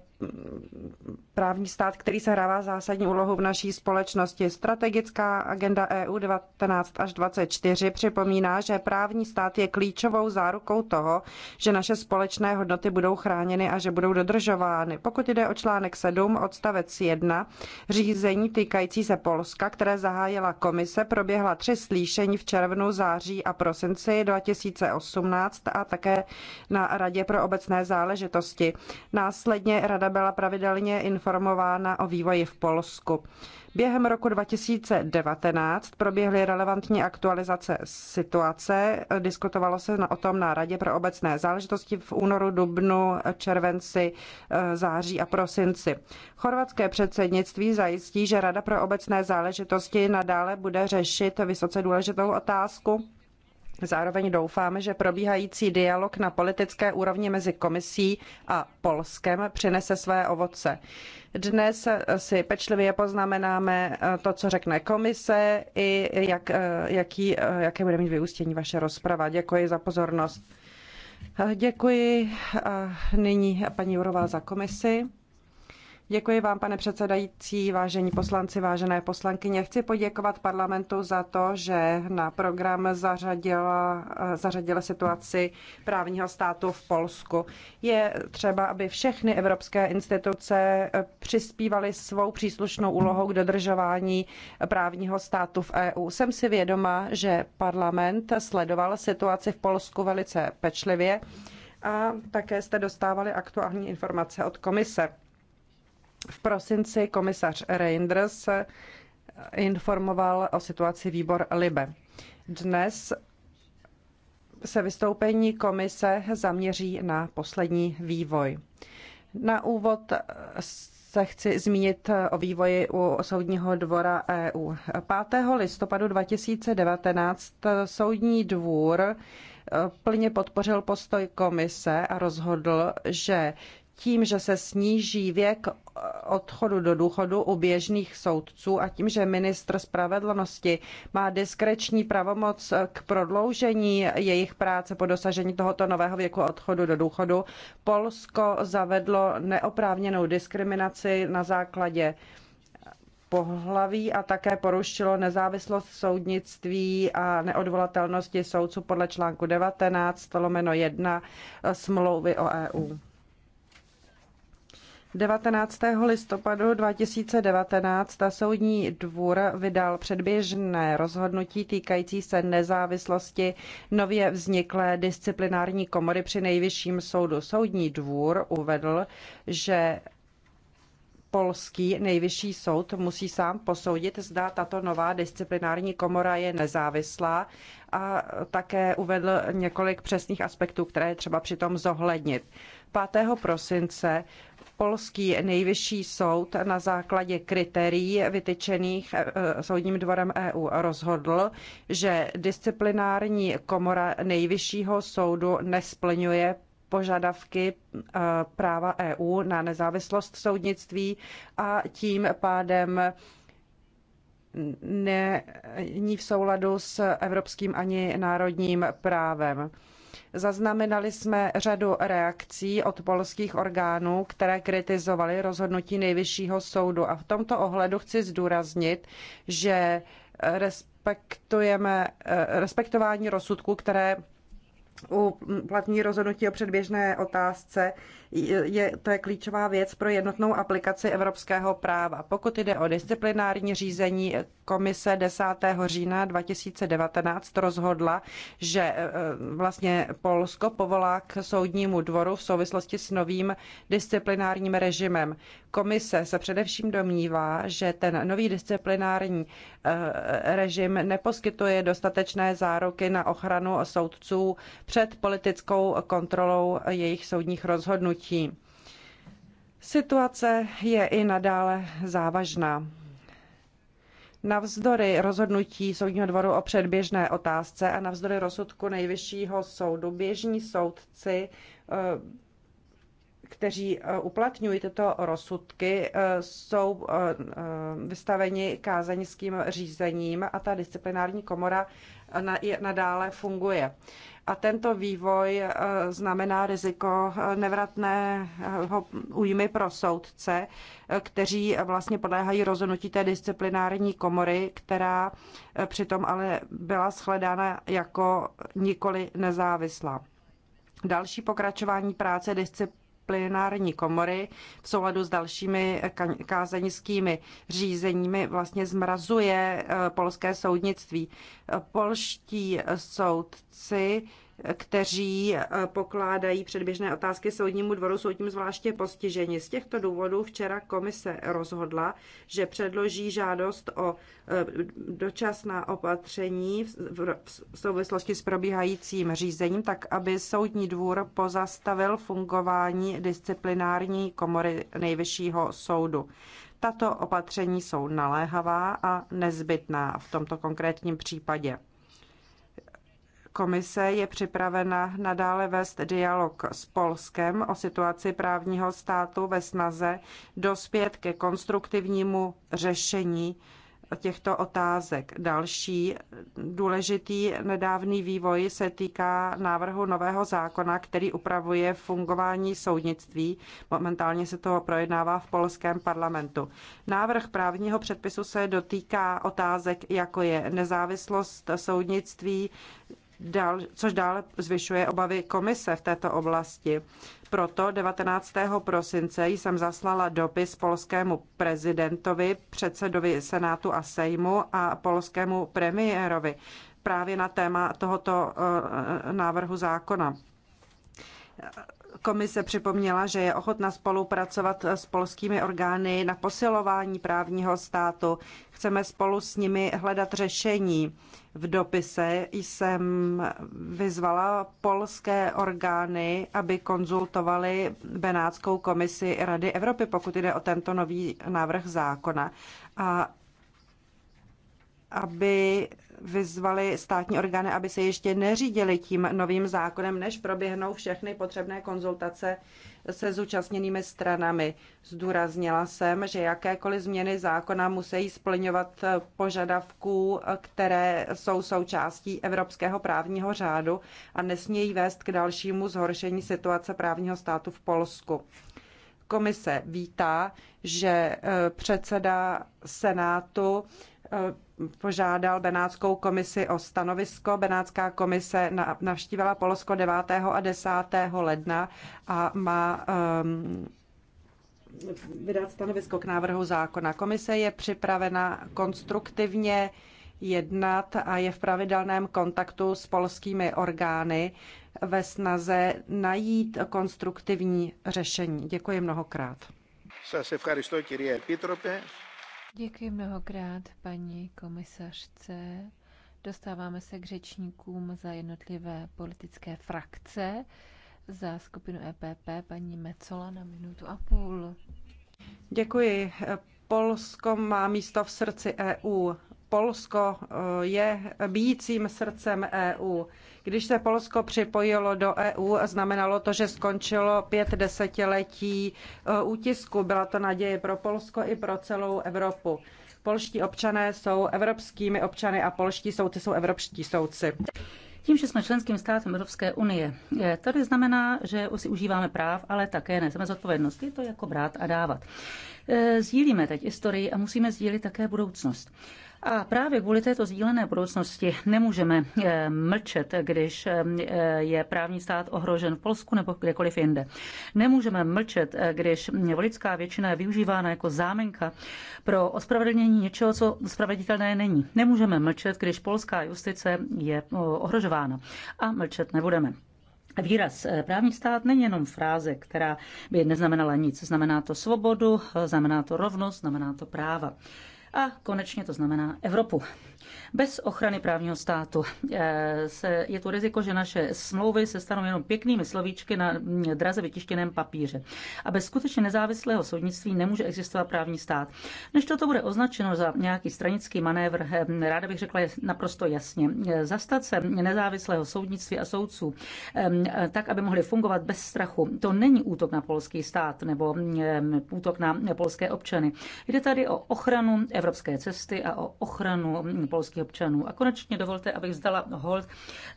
právní stát, který se hrává zásadní úlohu v naší společnosti. Strategická agenda EU 19 až 24 připomíná, že právní stát je klíčovou zárukou toho, že naše společné hodnoty budou chráněny a že budou dodržovány. Pokud jde o článek 7, odstavec 1, řízení týkající se Polska, které zahájila komise, proběhla tři slíšení v červnu, září a prosinci 2018 a také na Radě pro obecné záležitosti. Následně Rada byla pravidelně informována informována o vývoji v Polsku. Během roku 2019 proběhly relevantní aktualizace situace. Diskutovalo se o tom na Radě pro obecné záležitosti v únoru, dubnu, červenci, eh, září a prosinci. Chorvatské předsednictví zajistí, že Rada pro obecné záležitosti nadále bude řešit vysoce důležitou otázku Zároveň doufáme, že probíhající dialog na politické úrovni mezi komisí a Polskem přinese své ovoce. Dnes si pečlivě poznamenáme eh, to, co řekne komise i jak, eh, jaký, eh, jaké bude mít vyústění vaše rozprava. Děkuji za pozornost. Děkuji. Nyní paní Jurová za komisi. Děkuji vám, pane předsedající, vážení poslanci, vážené poslankyně. Chci poděkovat parlamentu za to, že na program zařadila, zařadila situaci právního státu v Polsku. Je třeba, aby všechny evropské instituce přispívaly svou příslušnou úlohou k dodržování právního státu v EU. Jsem si vědoma, že parlament sledoval situaci v Polsku velice pečlivě a také jste dostávali aktuální informace od komise. V prosinci komisař Reinders informoval o situaci výbor Libe. Dnes se vystoupení komise zaměří na poslední vývoj. Na úvod se chci zmínit o vývoji u Soudního dvora EU. 5. listopadu 2019 Soudní dvůr plně podpořil postoj komise a rozhodl, že tím, že se sníží věk odchodu do důchodu u běžných soudců a tím, že ministr spravedlnosti má diskreční pravomoc k prodloužení jejich práce po dosažení tohoto nového věku odchodu do důchodu, Polsko zavedlo neoprávněnou diskriminaci na základě pohlaví a také porušilo nezávislost soudnictví a neodvolatelnosti soudců podle článku 19 lomeno 1 smlouvy o EU. 19. listopadu 2019 soudní dvůr vydal předběžné rozhodnutí týkající se nezávislosti nově vzniklé disciplinární komory při nejvyšším soudu. Soudní dvůr uvedl, že polský nejvyšší soud musí sám posoudit, zda tato nová disciplinární komora je nezávislá a také uvedl několik přesných aspektů, které je třeba přitom zohlednit. 5. prosince polský nejvyšší soud na základě kritérií vytyčených eh, eh, Soudním dvorem EU rozhodl, že disciplinární komora nejvyššího soudu nesplňuje požadavky eh, práva EU na nezávislost soudnictví a tím pádem není v souladu s evropským ani národním právem. Zaznamenali jsme řadu reakcí od polských orgánů, které kritizovaly rozhodnutí nejvyššího soudu. A v tomto ohledu chci zdůraznit, že respektujeme eh, respektování rozsudků, které uplatní rozhodnutí o předběžné otázce je, to je klíčová věc pro jednotnou aplikaci evropského práva. Pokud jde o disciplinární řízení, komise 10. října 2019 rozhodla, že e, e, vlastně Polsko povolá k soudnímu dvoru v souvislosti s novým disciplinárním režimem. Komise se především domnívá, že ten nový disciplinární e, režim neposkytuje dostatečné záruky na ochranu soudců před politickou kontrolou jejich soudních rozhodnutí rozhodnutí. Situace je i nadále závažná. Navzdory rozhodnutí Soudního dvoru o předběžné otázce a navzdory rozsudku Nejvyššího soudu běžní soudci, eh, kteří eh, uplatňují tyto rozsudky, eh, jsou vystaveni kázeňským řízením a ta disciplinární komora nadále funguje. A tento vývoj eh, znamená riziko eh, nevratného újmy pro soudce, eh, kteří vlastně podléhají rozhodnutí té disciplinární komory, která přitom ale byla shledána jako nikoli nezávislá. Další pokračování práce disciplinární disciplinární komory v souladu s dalšími kázeňskými řízeními vlastně zmrazuje eh, polské soudnictví. Eh, polští soudci kteří eh, pokládají předběžné otázky soudnímu dvoru, jsou tím zvláště postiženi. Z těchto důvodů včera komise rozhodla, že předloží žádost o eh, dočasná opatření v souvislosti s probíhajícím řízením, tak aby soudní dvůr pozastavil fungování disciplinární komory nejvyššího soudu. Tato opatření jsou naléhavá a nezbytná v tomto konkrétním případě. Komise je připravena nadále vést dialog s Polskem o situaci právního státu ve snaze dospět ke konstruktivnímu řešení těchto otázek. Další důležitý nedávný vývoj se týká návrhu nového zákona, který upravuje fungování soudnictví. Momentálně se toho projednává v polském parlamentu. Návrh právního předpisu se dotýká otázek, jako je nezávislost soudnictví, dál, což dále zvyšuje obavy komise v této oblasti. Proto 19. prosince jsem zaslala dopis polskému prezidentovi, předsedovi Senátu a Sejmu a polskému premiérovi právě na téma tohoto eh, návrhu zákona. Komise připomněla, že je ochotna spolupracovat s polskými orgány na posilování právního státu. Chceme spolu s nimi hledat řešení. V dopise jsem vyzvala polské orgány, aby konzultovali Benátskou komisi Rady Evropy, pokud jde o tento nový návrh zákona. A aby vyzvali státní orgány, aby se ještě neřídili tím novým zákonem, než proběhnou všechny potřebné konzultace se zúčastněnými stranami. Zdůraznila jsem, že jakékoliv změny zákona musí splňovat požadavků, které jsou součástí evropského právního řádu a nesmějí vést k dalšímu zhoršení situace právního státu v Polsku komise vítá, že eh, předseda Senátu Eh, požádal Benátskou komisi o stanovisko. Benátská komise navštívila Polsko 9. a 10. ledna a má um, vydat stanovisko k návrhu zákona. Komise je připravena konstruktivně jednat a je v pravidelném kontaktu s polskými orgány ve snaze najít konstruktivní řešení. Děkuji mnohokrát. Σας ευχαριστώ κυρία Děkuji mnohokrát paní komisařce. Dostáváme se k řečníkům za jednotlivé politické frakce. Za skupinu EPP paní Mecola na minutu a půl. Děkuji. Polsko má místo v srdci EU. Polsko eh, je bíjícím srdcem EU. Když se Polsko připojilo do EU, znamenalo to, že skončilo pět desetiletí eh, útisku. Byla to naděje pro Polsko i pro celou Evropu. Polští občané jsou evropskými občany a polští soudci jsou evropští soudci. Tím, že jsme členským státem Evropské unie, tady znamená, že si užíváme práv, ale také neseme zodpovědnost. Je to jako brát a dávat. Eh, sdílíme teď historii a musíme sdílit také budoucnost. A právě kvůli této sdílené budoucnosti nemůžeme eh, mlčet, když eh, je právní stát ohrožen v Polsku nebo kdekoliv jinde. Nemůžeme mlčet, eh, když voličská většina je využívána jako zámenka pro ospravedlnění něčeho, co spraveditelné není. Nemůžeme mlčet, když polská justice je ohrožována. A mlčet nebudeme. Výraz právní stát není jenom fráze, která by neznamenala nic. Znamená to svobodu, znamená to rovnost, znamená to práva. A konečně to znamená Evropu. Bez ochrany právního státu eh, je tu riziko, že naše smlouvy se stanou jenom pěknými slovíčky na mm, draze vytištěném papíře. A bez skutečně nezávislého soudnictví nemůže existovat právní stát. Než toto bude označeno za nějaký stranický manévr, eh, ráda bych řekla naprosto jasně. Eh, zastat se nezávislého soudnictví a soudců ehm, tak, aby mohli fungovat bez strachu, to není útok na polský stát nebo mm, útok na polské občany. Jde tady o ochranu evropské cesty a o ochranu polských občanů. A konečně dovolte, abych vzdala hold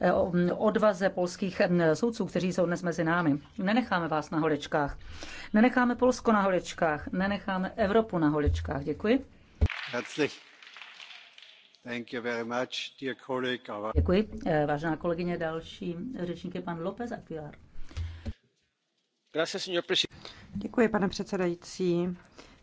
eh, mm, odvaze polských mm, soudců, kteří jsou dnes mezi námi. Nenecháme vás na holičkách. Nenecháme Polsko na holičkách. Nenecháme Evropu na holičkách. Děkuji. Herzlich. Thank you very much, dear colleague. Děkuji. Eh, vážená kolegyně, další řečník je pan López Aquilar. Děkuji, pane předsedající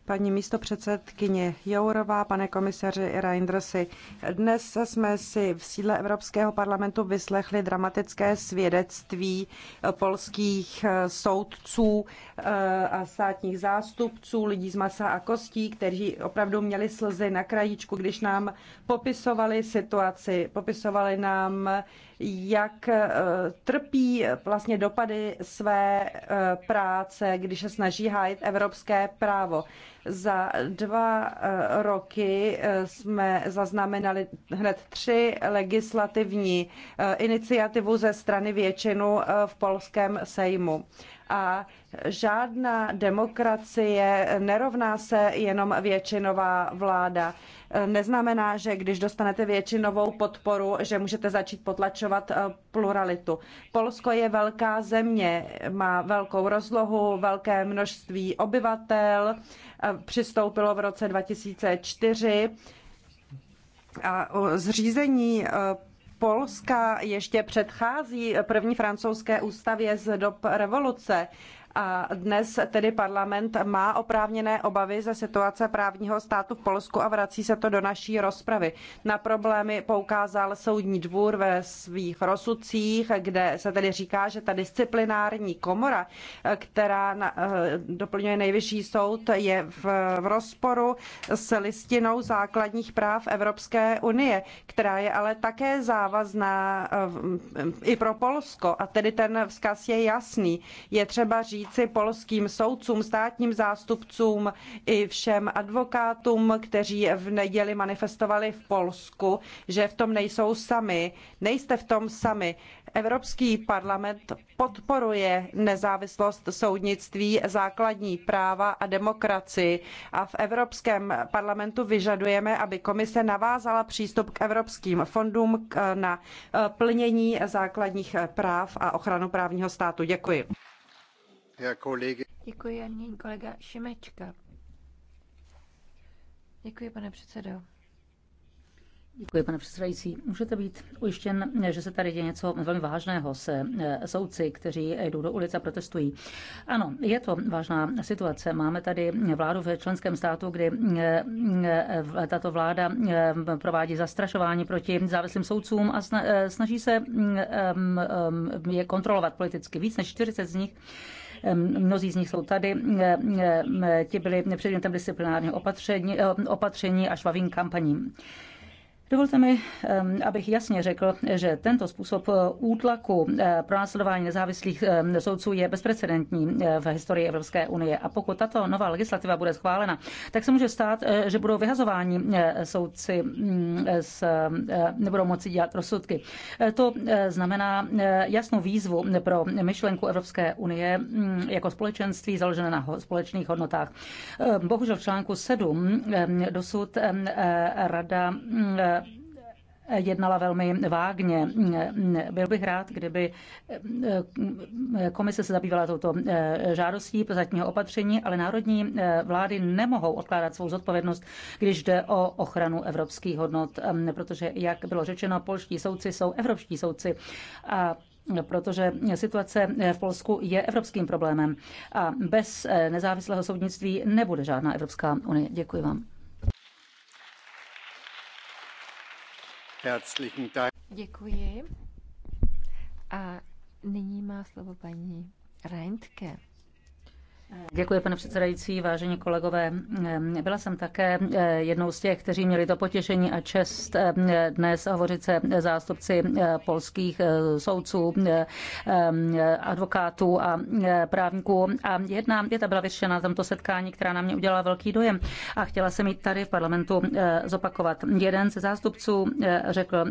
paní místopředsedkyně Jourová, pane komisaři Reindersi. Dnes jsme si v sídle Evropského parlamentu vyslechli dramatické svědectví polských soudců eh, a státních zástupců, lidí z masa a kostí, kteří opravdu měli slzy na krajíčku, když nám popisovali situaci, popisovali nám jak eh, trpí vlastně dopady své eh, práce, když se snaží hájit evropské právo. Za dva eh, roky eh, jsme zaznamenali hned tři legislativní eh, iniciativu ze strany většinu v polském sejmu. A žádná demokracie nerovná se jenom většinová vláda. Neznamená, že když dostanete většinovou podporu, že můžete začít potlačovat pluralitu. Polsko je velká země, má velkou rozlohu, velké množství obyvatel, přistoupilo v roce 2004 a o zřízení e, Polska ještě předchází první francouzské ústavě z dob revoluce a dnes tedy parlament má oprávněné obavy ze situace právního státu v Polsku a vrací se to do naší rozpravy. Na problémy poukázal soudní dvůr ve svých rozsudcích, kde se tedy říká, že ta disciplinární komora, která eh, doplňuje nejvyšší soud, je v, v rozporu s listinou základních práv Evropské unie, která je ale také závazná eh, i pro Polsko. A tedy ten vzkaz je jasný. Je třeba říct, říci polským soudcům, státním zástupcům i všem advokátům, kteří v neděli manifestovali v Polsku, že v tom nejsou sami. Nejste v tom sami. Evropský parlament podporuje nezávislost soudnictví, základní práva a demokracii a v Evropském parlamentu vyžadujeme, aby komise navázala přístup k evropským fondům na plnění základních práv a ochranu právního státu. Děkuji. Děkuji a mění kolega Šimečka. Děkuji, pane předsedo. Děkuji, pane předsedající. Můžete být ujištěn, že se tady děje něco velmi vážného se eh, soudci, kteří jdou do ulice a protestují. Ano, je to vážná situace. Máme tady vládu ve členském státu, kdy eh, eh, tato vláda provádí zastrašování proti závislým soudcům a snaží se mm, mm, je kontrolovat politicky. Víc než 40 z nich Mnozí z nich jsou tady. Ti byli předmětem disciplinárního opatření, eh, opatření a švavým kampaním. Dovolte mi, ehm, abych jasně řekl, že tento způsob eh, útlaku eh, pro následování nezávislých ehm, soudců je bezprecedentní eh, v historii Evropské unie. A pokud tato nová legislativa bude schválena, tak se může stát, že budou vyhazováni soudci, mm, s, nebudou moci dělat rozsudky. To znamená jasnou výzvu pro myšlenku Evropské unie mm, jako společenství založené na společných hodnotách. Bohužel v článku 7 ehm, dosud Rada mm, jednala velmi vágně. Byl bych rád, kdyby komise se zabývala touto žádostí prozatního opatření, ale národní vlády nemohou odkládat svou zodpovědnost, když jde o ochranu evropských hodnot, protože, jak bylo řečeno, polští soudci jsou evropští soudci a protože situace v Polsku je evropským problémem a bez nezávislého soudnictví nebude žádná Evropská unie. Děkuji vám. Děkuji. A nyní má slovo paní Reintke. Děkuji, pane předsedající, vážení kolegové. Byla jsem také eh, jednou z těch, kteří měli to potěšení a čest eh, dnes hovořit se zástupci eh, polských soudců, advokátů a právníků. A jedna věta byla vyřešena na tomto setkání, která na mě udělala velký dojem a chtěla jsem ji tady v parlamentu zopakovat. Jeden ze zástupců řekl,